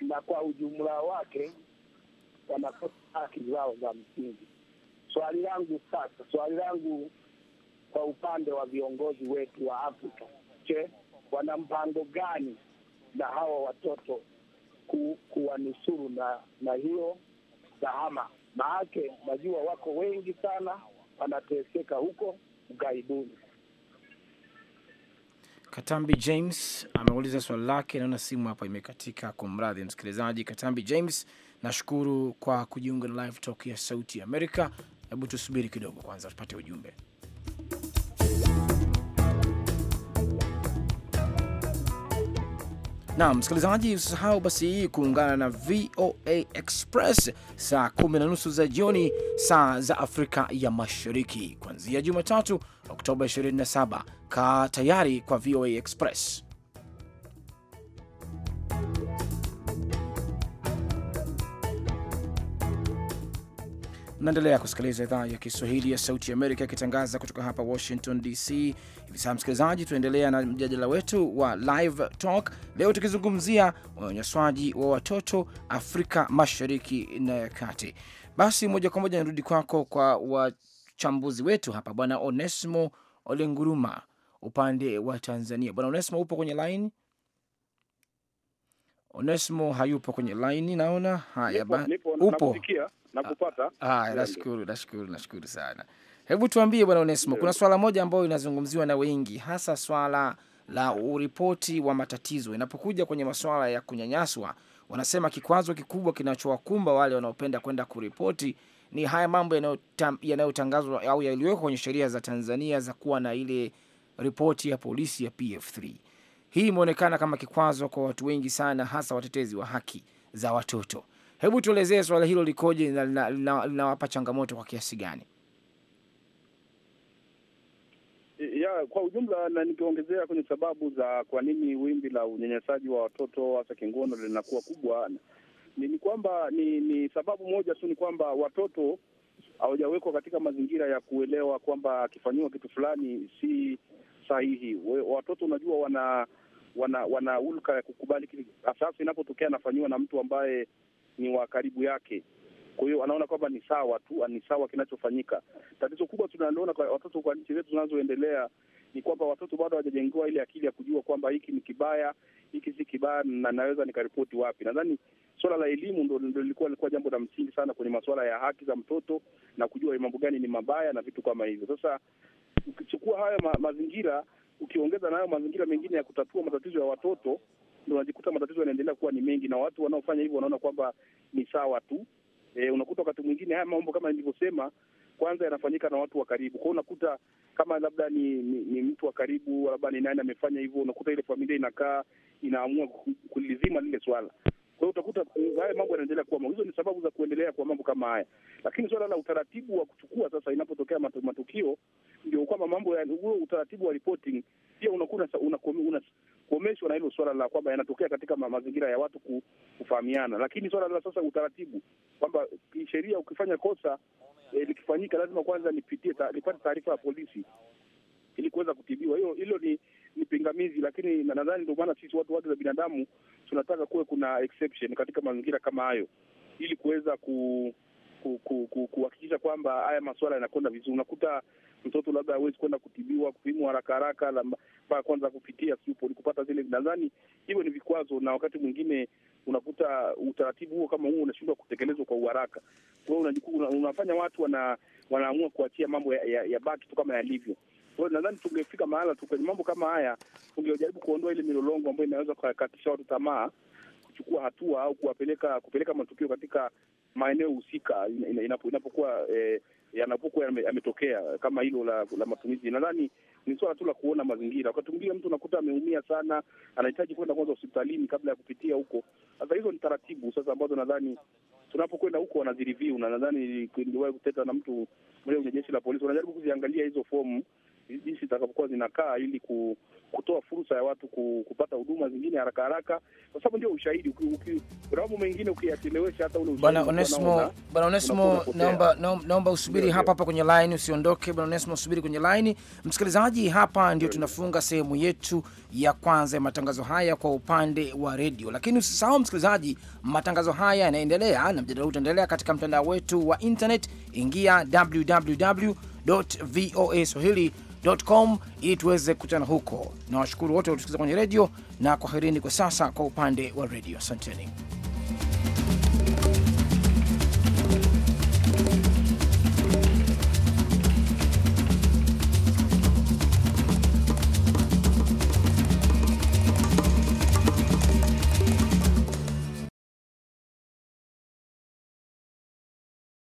na kwa ujumla wake wanakosa haki zao za msingi. Swali langu sasa, swali langu kwa upande wa viongozi wetu wa Afrika, je, wana mpango gani na hawa watoto ku, kuwanusuru na, na hiyo dhahama? maake najua wako wengi sana wanateseka huko ughaibuni. Katambi James ameuliza swali lake. Naona simu hapa imekatika, kumradhi msikilizaji. Katambi James, nashukuru kwa kujiunga na live talk ya Sauti ya Amerika. Hebu tusubiri kidogo kwanza tupate ujumbe. na msikilizaji, usisahau basi kuungana na VOA Express saa kumi na nusu za jioni saa za Afrika ya Mashariki kuanzia Jumatatu Oktoba 27. Kaa tayari kwa VOA Express. Naendelea kusikiliza idhaa ya Kiswahili ya Sauti ya Amerika ikitangaza kutoka hapa Washington DC. Hivi sasa, msikilizaji, tunaendelea na mjadala wetu wa Live Talk leo tukizungumzia unyanyaswaji wa watoto Afrika Mashariki na ya Kati. Basi moja kwa moja nirudi kwako kwa wachambuzi wetu hapa, Bwana Onesimo Olenguruma upande wa Tanzania. Bwana Onesimo, upo kwenye line? Onesimo hayupo kwenye line, naona haya. Nipo, nipo, upo Nakupata. Ah, ah nashukuru, nashukuru, nashukuru sana. Hebu tuambie Bwana Onesimo, kuna swala moja ambayo inazungumziwa na wengi, hasa swala la uripoti wa matatizo. Inapokuja kwenye masuala ya kunyanyaswa, wanasema kikwazo kikubwa kinachowakumba wale wanaopenda kwenda kuripoti ni haya mambo yanayotangazwa au yaliyowekwa kwenye sheria za Tanzania za kuwa na ile ripoti ya polisi ya PF3. Hii imeonekana kama kikwazo kwa watu wengi sana, hasa watetezi wa haki za watoto. Hebu tuelezee swala hilo likoje na linawapa changamoto kwa kiasi gani? Ya, kwa ujumla na nikiongezea kwenye sababu za kwa nini wimbi la unyanyasaji wa watoto hasa kingono linakuwa kubwa ni, ni kwamba ni, ni sababu moja tu ni kwamba watoto hawajawekwa katika mazingira ya kuelewa kwamba akifanyiwa kitu fulani si sahihi. We, watoto unajua wana wana wana ulka ya kukubali kitu, hasa inapotokea anafanyiwa na mtu ambaye ni wa karibu yake. Kwa hiyo anaona kwamba ni sawa tu, ni sawa kinachofanyika. Tatizo kubwa tunaliona kwa watoto kwa nchi zetu zinazoendelea ni kwamba watoto bado hawajajengewa ile akili ya kujua kwamba hiki ni kibaya, hiki si kibaya na naweza nikaripoti wapi. Nadhani swala la elimu ndo lilikuwa lilikuwa jambo la msingi sana kwenye masuala ya haki za mtoto na kujua mambo gani ni mabaya na vitu kama hivyo. Sasa ukichukua hayo ma mazingira ukiongeza nayo mazingira mengine ya kutatua matatizo ya watoto ndo unajikuta matatizo yanaendelea kuwa ni mengi, na watu wanaofanya hivyo wanaona kwamba ni sawa tu. E, unakuta wakati mwingine haya mambo kama nilivyosema kwanza yanafanyika na watu wa karibu kwao. Unakuta kama labda ni, ni, ni mtu wa karibu, labda ni nani amefanya hivyo, unakuta ile familia inakaa inaamua kulizima lile swala. Kwa hiyo utakuta haya mambo yanaendelea kuwa. Hizo ni sababu za kuendelea kwa mambo kama haya, lakini swala la utaratibu wa kuchukua sasa, inapotokea matukio, ndio kwamba mambo ya huo utaratibu wa reporting pia unakuwa una, una, una, kukomeshwa na hilo suala la kwamba yanatokea katika mazingira ya watu kufahamiana, lakini suala la sasa utaratibu kwamba kisheria ukifanya kosa eh, likifanyika lazima kwanza nipitie ta, nipate taarifa ya polisi ili kuweza kutibiwa. Hiyo hilo ni ni pingamizi, lakini nadhani ndio maana sisi watu wake za binadamu tunataka kuwe kuna exception katika mazingira kama hayo ili kuweza ku kuhakikisha ku, ku, kwamba haya masuala yanakwenda vizuri. Unakuta mtoto labda hawezi kwenda kutibiwa kupimwa haraka haraka mpaka kwanza kupitia sijui kupata zile, nadhani hivyo ni vikwazo, na wakati mwingine unakuta utaratibu huo kama huo unashindwa kutekelezwa kwa uharaka. Kwa hiyo una, unafanya watu wana, wanaamua kuachia mambo ya, ya, ya baki tu kama yalivyo. Kwa hiyo nadhani tungefika mahala tu kwenye mambo kama haya, tungejaribu kuondoa ile milolongo ambayo inaweza kukatisha watu tamaa kuchukua hatua au kuwapeleka kupeleka matukio katika maeneo husika inapokuwa eh, yanapokuwa yametokea kama hilo la, la matumizi. Nadhani ni swala tu la kuona mazingira. Wakati mwingine mtu unakuta ameumia sana, anahitaji kwenda kwanza hospitalini kabla ya kupitia huko. Sasa hizo ni taratibu sasa ambazo nadhani tunapokwenda huko wanazireview, na nadhani niliwahi kuteta na mtu mmoja kwenye jeshi la polisi, wanajaribu kuziangalia hizo fomu jinsi zitakapokuwa zinakaa ili kutoa fursa ya watu kupata huduma zingine haraka haraka, kwa sababu ndio ushahidi. Mambo mengine ukiyachelewesha, hata ule bwana Onesimo, bwana Onesimo, naomba naomba usubiri hapa hapa kwenye line, usiondoke bwana Onesimo, usubiri kwenye line. Msikilizaji, hapa ndio tunafunga sehemu yetu ya kwanza ya matangazo haya kwa upande wa redio, lakini usisahau msikilizaji, matangazo haya yanaendelea na mjadala utaendelea katika mtandao wetu wa internet. Ingia www voa facebook.com ili tuweze kukutana huko, na washukuru wote waliotusikiza kwenye redio na kwaherini kwa sasa kwa upande wa redio, asanteni.